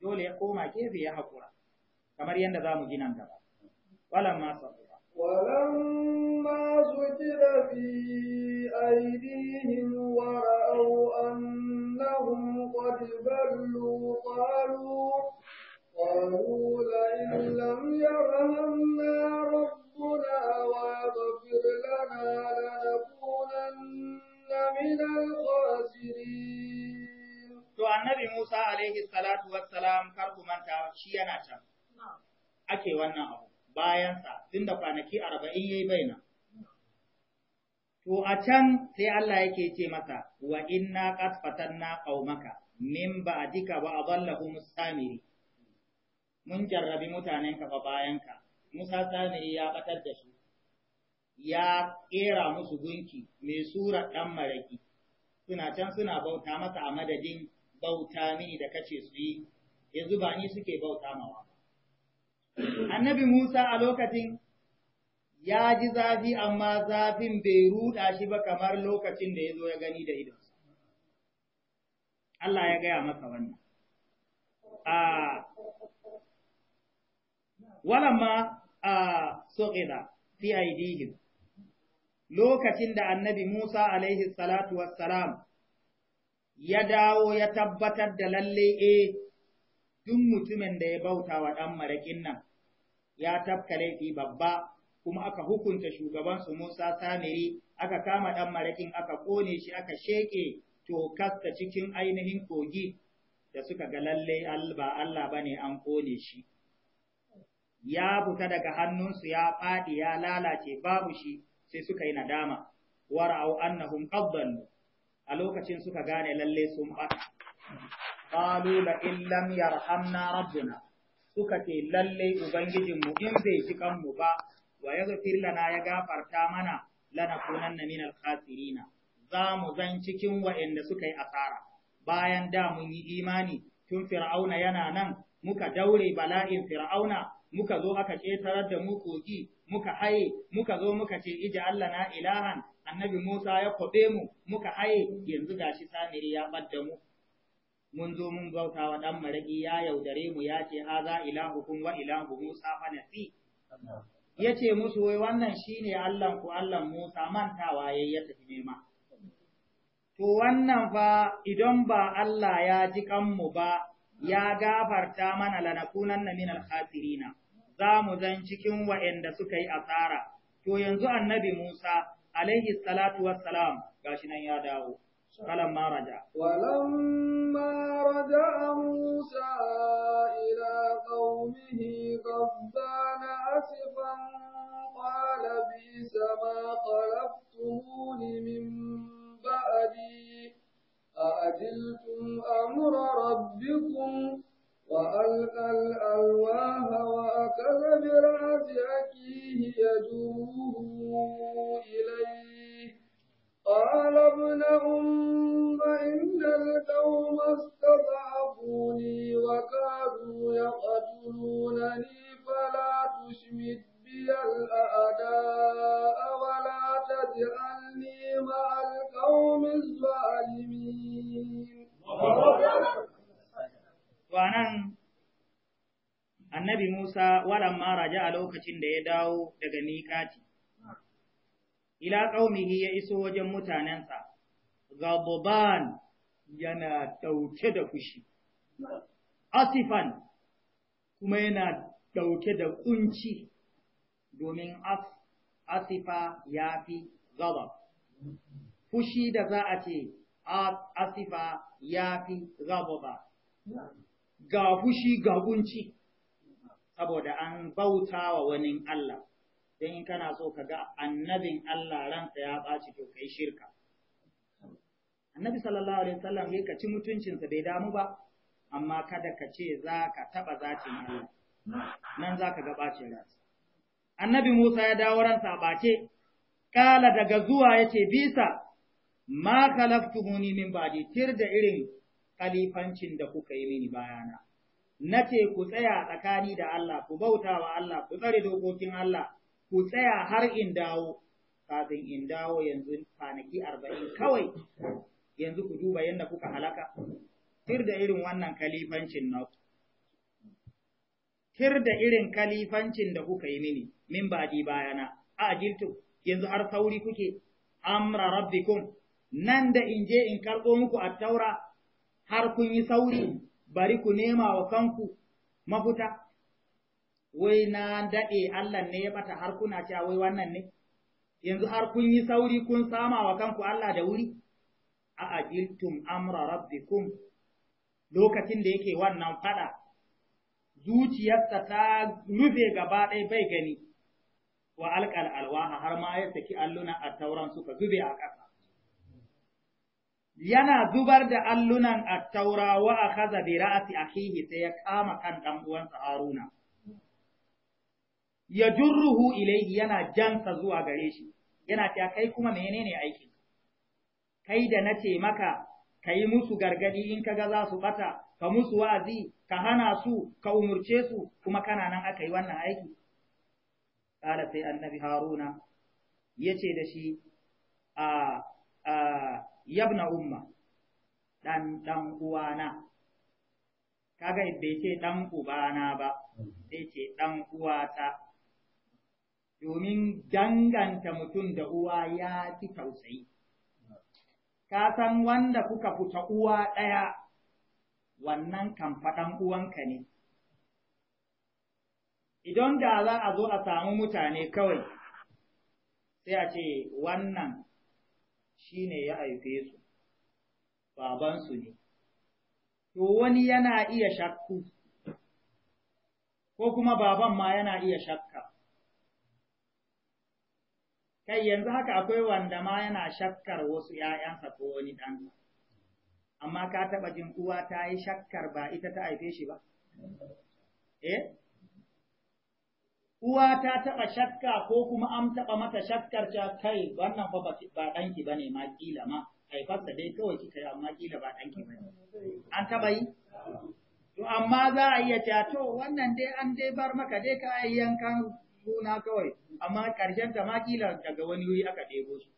dole ya koma gefe ya haƙura kamar yadda za mu gina gaba walan ma sabura walan ma sutira fi aidihim wa ra'aw annahum qad ballu qalu qalu la in lam yarhamna ربنا واغفر لنا لنكونن من الخاسرين To annabi Musa alaihi salatu wassalam kar ku manta shi yana can. ke wannan abu bayansa tunda kwanaki arba'in yayi baina. To a can sai Allah yake ce masa, wa inna qad fatanna qaumaka min ba'dika wa adallahum samiri. Mun jarrabi mutanen ka bayanka Musa Sani ya batar da su, ya ƙera musu gunki mai sura ɗan maraƙi, suna can suna bauta masa a madadin bauta mini da kace su yi, yanzu zuba ni suke bauta mawa. Annabi Musa a lokacin ya ji zafi amma zafin bai ruɗa shi ba kamar lokacin da ya zo ya gani da idonsa. Allah ya gaya masa wannan. Ah, ma a suqida fi aidihim lokacin da annabi Musa alaihi salatu wassalam ya dawo ya tabbatar da lalle e duk mutumin da ya bauta wa ɗan maraƙin nan ya tafka laifi babba kuma aka hukunta shugabansu Musa Samiri aka kama ɗan maraƙin aka ƙone shi aka sheƙe tokasta cikin ainihin kogi da suka ga lalle ba Allah bane an ƙone shi. ya fita daga hannunsu ya faɗi ya lalace babu shi sai suka yi nadama wara'au annahum qaddallu a lokacin suka gane lalle sun faɗa. qalu la in lam yarhamna rabbuna suka ce lalle ubangijin mu in bai ji mu ba wa yaghfir lana ya gafarta mana lanakunanna min al za mu zan cikin waɗanda suka yi asara bayan da mun yi imani tun fir'auna yana nan muka daure bala'in fir'auna muka zo aka ƙetarar da mu kogi muka haye muka zo muka ce ije Allah na ilahan annabi Musa ya kwaɓe mu muka haye yanzu gashi samiri ya ɓadda mu mun zo mun bauta wa ɗan maraƙi ya yaudare mu ya ce haza ilahukum wa ilahu Musa fa Ya ce musu wai wannan shine Allahn ku Allahn Musa mantawa yayi ya tafi nema to wannan fa idan ba Allah ya ji kanmu ba ya gafarta mana na minal khasirina za mu zan cikin wa'anda suka yi asara to yanzu annabi Musa alaihi salatu wassalam gashi nan ya dawo فلما رجع ولما رجع موسى إلى قومه غضبان أسفا قال بئس ما خلفتموني من a أأجلتم أمر ربكم وألقى الألواه وأخذ برأس أخيه يجره إليه قال ابن أم إن القوم استضعفوني وكادوا يقتلونني فلا تشمت بي الأعداء ولا تجعلني مع القوم الظالمين To annabi Musa walamma raja a lokacin da ya dawo daga nikati, ila ƙaunihi ya iso wajen mutanensa, Gaboban yana ɗauke da fushi, Asifan kuma yana ɗauke da ƙunci domin Asifa ya fi gabab. Fushi da za a ce Asifa ya fi ba. ga fushi ga gunci saboda an bauta wa wani Allah don in kana so ka ga annabin Allah ransa ya ɓaci to kai shirka annabi sallallahu alaihi wasallam ya kaci mutuncinsa bai damu ba amma kada ka ce za ka taɓa zacin Allah nan za ka ga ɓacin ransa annabi Musa ya dawo ransa a ɓace kala daga zuwa yace bisa ma khalaftuhuni min ba'di tir da irin Kalifancin da kuka yi mini bayana. Na ce ku tsaya tsakani da Allah, ku bauta wa Allah, ku tsare dokokin Allah, ku tsaya har in dawo, kafin in dawo yanzu kwanaki arba'in kawai, yanzu ku duba yadda kuka halaka. Tir da irin wannan kalifancin na ku. Tir da irin kalifancin da kuka yi mini, min ba baɗi bayana, a jirtu, yanzu har sauri kuke, amra rabbikum, nan da in je in karɓo muku a taura har kun yi sauri bari ku nema wa kanku mafuta wai na daɗe Allah ne ya bata har kuna cewa wai wannan ne yanzu har kun yi sauri kun sama wa kanku Allah da wuri a ajiltum amra rabbikum lokacin da yake wannan fada zuciyarsa ta rufe gaba ɗaya bai gani wa alƙal alwaha har ma ya saki alluna a tauran suka zube a ƙasa yana zubar da allunan attaura wa bai bi a akhihi sai ya kama kan dan uwansa Haruna ya jurruhu ilaihi yana jansa zuwa gare shi yana ta kai kuma menene aiki? kai da nace maka ka yi musu gargadi in kaga za su bata ka musu wa'azi ka hana su ka umurce su kuma kana nan aka yi wannan aiki kala sai annabi haruna yace da shi a a yabna umma dan dan uwana kaga bai ce dan ubana ba sai ce dan uwata domin danganta mutum da uwa ya fi tausayi ka san wanda kuka fita uwa ɗaya wannan kan faɗan uwanka ne idan da za a zo a samu mutane kawai sai a ce wannan shi ne ya haife su, babansu ne. To wani yana iya shakku, ko kuma baban ma yana iya shakka. Kai yanzu haka akwai wanda ma yana shakkar wasu ‘ya'yansa ko wani ɗansa, amma ka taɓa jin uwa ta yi shakkar ba ita ta haife shi ba? Eh? uwa ta taɓa shakka ko kuma an taɓa mata shakkar ta kai wannan fa ba ɗanki ba ne ma ƙila ma haifarsa dai kawai kika yi amma ƙila ba ɗanki ba ne an taɓa yi to amma za a iya ta to wannan dai an dai bar maka dai ka yi yankan suna kawai amma ƙarshen ta ma ƙila daga wani wuri aka ɗebo shi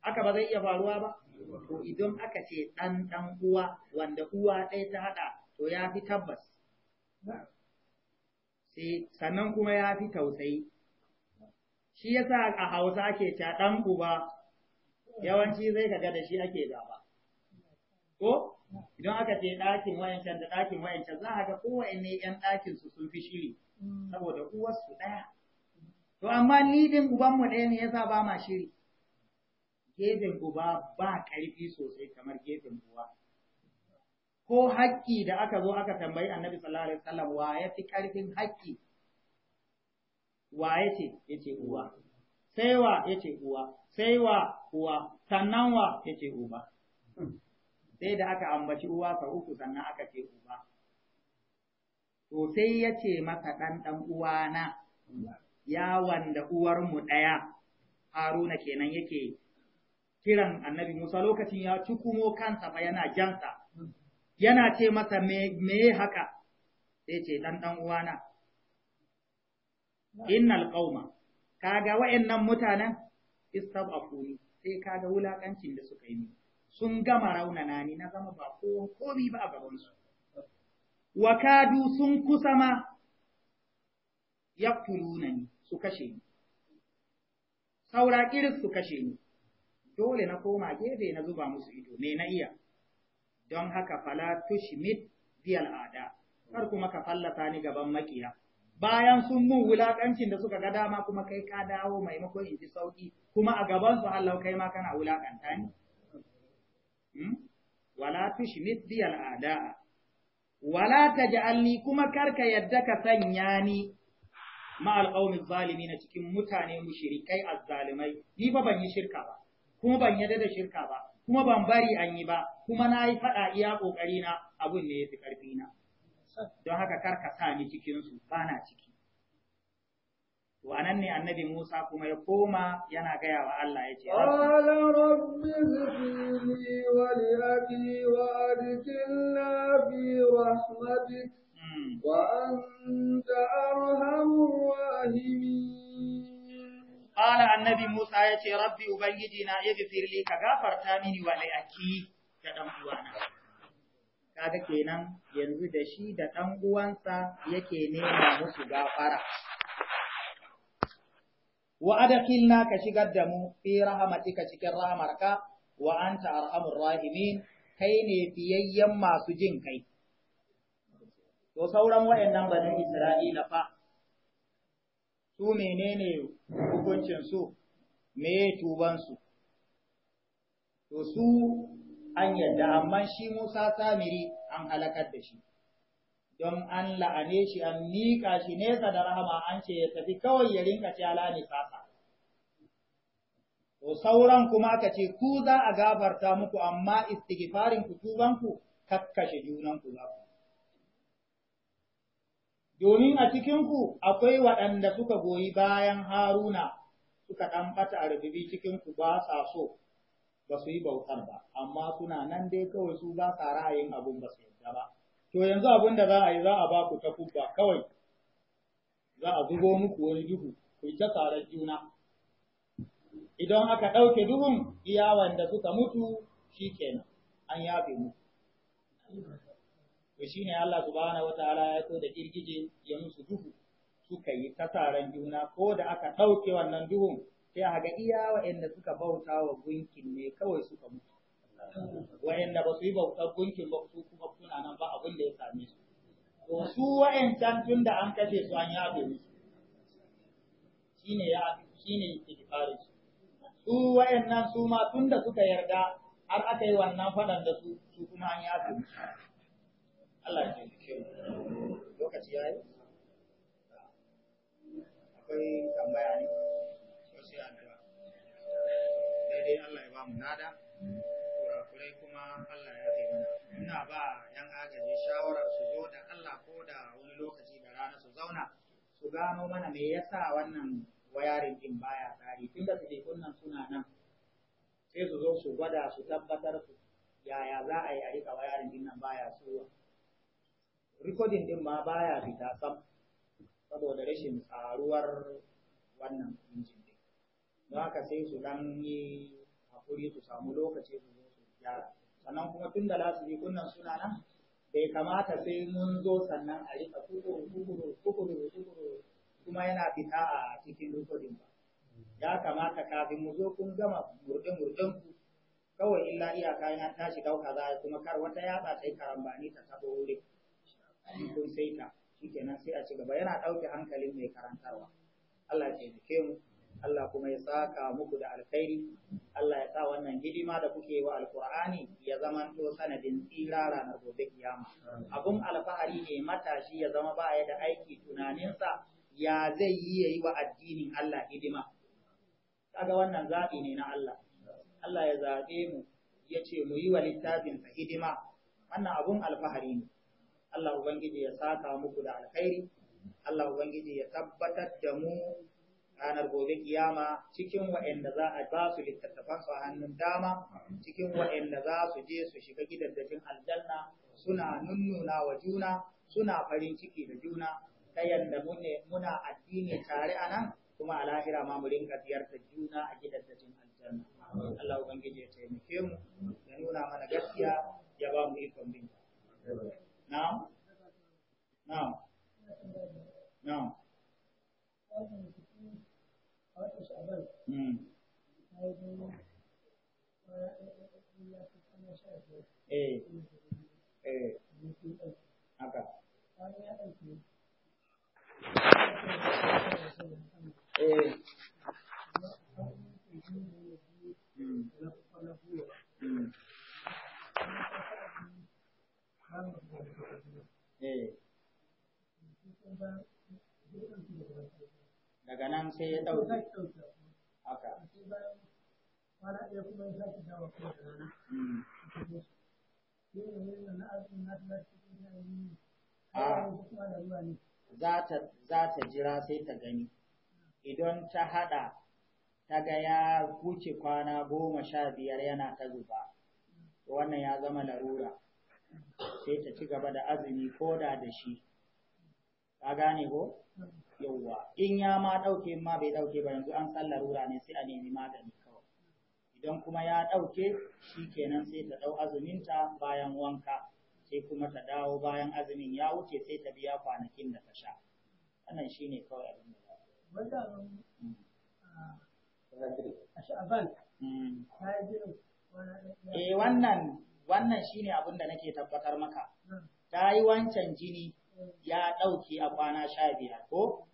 aka ba zai iya faruwa ba to idan aka ce ɗan ɗan uwa wanda uwa ɗaya ta haɗa to ya fi tabbas Eh, sannan kuma ya fi tausayi. Shi ya sa a Hausa ake ta ɗan uba, yawanci zai kaga da shi ake gaba. Ko? Idan aka ce ɗakin wayancan da ɗakin wayancan za a ga kowanne ‘yan ɗakin su sun fi shiri, saboda uwarsu ɗaya. To, amma nidin ubanmu ɗaya ne ya sa ba ma shiri. Gefen uba ba ƙarfi sosai kamar gefen uwa. ko haƙƙi da aka zo aka tambayi annabi sallallahu alaihi wasallam wa ya fi ƙarfin haƙƙi wa ya ce ya ce uwa sai wa ya ce uwa sai wa uwa sannan wa ya ce uba sai da aka ambaci uwa sau uku sannan aka ce uba to sai ya ce masa ɗan ɗan uwana ya wanda uwarmu ɗaya haruna kenan yake kiran annabi musa lokacin ya cikumo kansa fa yana jansa yana ce masa me ya haka sai ce dan ɗan uwana innal qauma kaga wayannan mutanen istab'afuni sai kaga wulakancin da suka yi ni sun gama raunana ni na zama ba kowa komi ba a gabansu wa kadu sun kusa ma ya yaqtuluna ni su kashe ni saura irin su kashe ni dole na koma gefe na zuba musu ido me na iya don haka fala tushmit bi al'ada kar kuma ka fallata ni gaban makiya bayan sun mun wulakancin da suka ga dama kuma kai ka dawo maimakon in ji sauki kuma a gaban su Allah kai ma kana wulakanta ni hmm? wala tushmit bi al'ada wala taj'alni kuma karka yadda ka sanya ni ma'al qaumiz zalimin cikin mutane mushrikai az-zalimai ni ba ban yi shirka ba kuma ban yadda da shirka ba kuma ban bari an yi ba kuma na yi faɗa iya ƙoƙari na abun ne ya fi ƙarfi na don haka kar ka sa ni cikin su ba na ciki to anan ne annabi Musa kuma ya koma yana gaya wa Allah ya ce qala rabbi zidni wa li abi wa hmm. wa Ƙala annabi Musa ya ce, Rabbi Ubangiji na iya firli ka gafarta mini a la'aki da ɗan uwana. Kaga kenan yanzu da shi da ɗan uwansa yake nema musu gafara. Wa na ka shigar da mu fi ka cikin rahamarka wa anta arhamur rahimin kai ne fiyayyen masu jin kai. To sauran waɗannan banin Isra'ila fa su menene hukuncin su me tuban su to su an yadda amma shi Musa Samiri an halakar da shi don an la'ane shi an miƙa shi nesa da rahama an ce ya tafi kawai ya rinka ce alani sasa to sauran kuma ka ce ku za a gafarta muku amma istighfarin ku tuban ku kakkashe junan ku za ku domin a cikinku akwai waɗanda suka goyi bayan haruna suka ɗan fata a rububi cikinku ba sa so ba su yi bautar ba amma suna nan dai kawai su ba sa ra'ayin abun ba su yarda ba to yanzu abin da za a yi za a ba ku ta kubba kawai za a zubo muku wani duhu ku yi ta tsarar juna idan aka ɗauke duhun iya wanda suka mutu shi kenan an yafe muku to shine Allah subhanahu wataala ya so da girgije ya musu duhu suka yi tasaran juna ko da aka ɗauke wannan duhun sai a ga iya wa'anda suka bauta wa gunkin ne kawai suka mutu wa'anda ba su yi bautar gunkin ba su kuma suna nan ba abin da ya same su to su wa'ancan tun da an kashe su an abu musu shine ya shine istighfarin su su wa'annan su ma tun da suka yarda har aka yi wannan faɗan da su su kuma an yafe musu Allah ya taimake mu lokaci akwai tambaya ne daidai Allah ya ba mu nada kurakurai kuma Allah ya ina ba yan agaji shawarar su zo da Allah ko da wani lokaci da rana su zauna su gano mana me yasa wannan wayarin din baya tsari da suke kunnan suna nan sai su zo su gwada su tabbatar yaya za a yi a wayarin din nan baya tsuwa rikodin din ma baya fita sam saboda rashin tsaruwar wannan injin din don haka sai su dan yi hakuri su samu lokaci su zo su gyara sannan kuma tun da bi kunnan suna nan bai kamata sai mun zo sannan a rika kukuru kukuru kukuru kukuru kuma yana fita a cikin rikodin ba ya kamata kafin mu zo kun gama murɗe murɗen ku kawai illa iyaka yana tashi ɗauka za kuma kar wata yatsa sai karambani ta taɓo wurin ko sai ta shikenan sai a ci gaba yana ɗauke hankalin mai karantarwa Allah ya taimake mu Allah kuma ya saka muku da alkhairi Allah ya sa wannan hidima da kuke wa alkur'ani ya zama to sanadin tsirara na gobe kiyama abun alfahari ne matashi ya zama ba ya da aiki tunaninsa ya zai yi yayi wa addinin Allah hidima kaga wannan zaɓi ne na Allah Allah ya zaɓe mu ya ce mu yi wa littafinsa hidima wannan abun alfahari ne Allah Ubangiji ya saka muku da alkhairi, Allah Ubangiji ya tabbatar da mu ranar gobe kiyama cikin wa'anda za a ba su littattafan su a hannun dama, cikin waɗanda za su je su shiga gidajen aljanna suna nunnuna wa juna, suna farin ciki da juna, ta yadda muna addini tare a nan kuma a lahira ma mu rinka ziyartar juna a gidajen aljanna. Allah Ubangiji ya taimake mu, ya nuna mana gaskiya ya ba mu ikon binta. No. No. No. no mm. Eh, eh, acá. Eh. Mm. Eh. daga nan sai ya ɗauke haka hmm. ah. za ta jira sai ta gani idan ta haɗa ta ga ya wuce kwana goma sha biyar yana ta zuba wannan ya zama larura sai ta ci gaba da azumi ko da da shi ka gane ko yauwa in ya ma dauke ma bai dauke ba yanzu an sallar wura ne sai a nemi magani kawai idan kuma ya dauke shi kenan sai ta ɗau ta bayan wanka sai kuma ta dawo bayan azumin ya wuce sai ta biya kwanakin da ta sha wannan shine kawai abin da za a wannan wannan shine abin da nake tabbatar maka hmm. ta yi wancan jini ya ɗauke a kwana sha biyar ko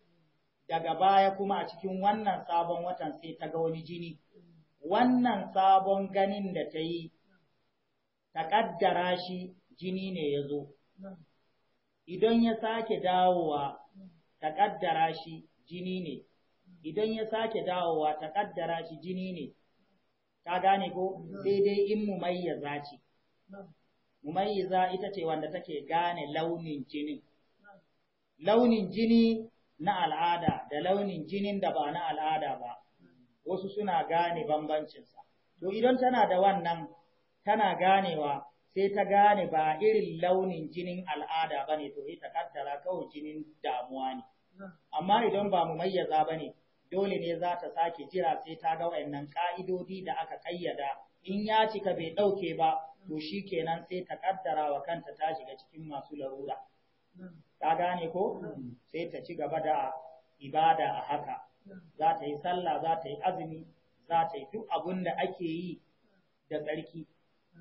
daga baya kuma a cikin wannan sabon watan sai ta ga wani jini wannan sabon ganin da ta yi ta ƙaddara shi jini ne ya zo hmm. hmm. idan ya sake dawowa ta ƙaddara shi jini ne idan ya sake dawowa ta ƙaddara shi jini ne ta gane ko sai dai in mu mai ya zaci Mumayyiza ita ce wanda take gane launin jini. Launin jini na al'ada da launin jini da ba na al'ada ba, wasu suna gane bambancinsa. To idan tana da wannan tana ganewa sai ta gane ba irin launin jinin al'ada ba ne to ita kaddara kawai jini damuwa ne. Amma idan ba mumayyaza ba ne, dole ne za ta sake jira sai ta ga wayannan ƙa'idodi da aka ƙayyada in ya cika bai ɗauke ba to shi kenan sai ta kaddara wa kanta ta shiga cikin masu larura. Ta gane ko? Sai ta ci gaba da ibada a haka, za ta yi sallah, za ta yi azumi, za ta yi duk abin da ake yi da tsarki,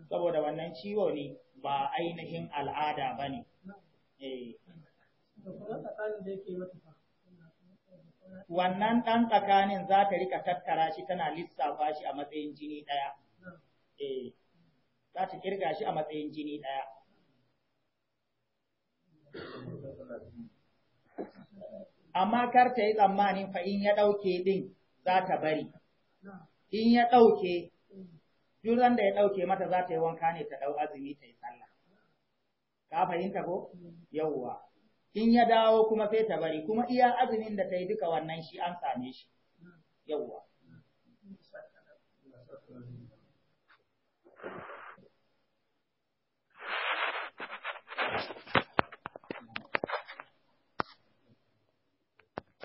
saboda wannan ciwo ne ba ainihin al'ada ba ne. Eh. Wannan ɗan tsakanin za ta rika tattara shi tana lissafa shi a matsayin jini ɗaya. Eh. za ta kirga shi a matsayin jini ɗaya. Amma kar ta yi tsammanin fa in ya ɗauke ɗin za ta bari, in ya ɗauke, duk da ya ɗauke mata za ta yi wanka ne ta ɗau azumi ta yi sallah. Ka fahimta ko? Yawwa. In ya dawo kuma sai ta bari, kuma iya azumin da ta yi duka wannan shi an same shi. Yawwa.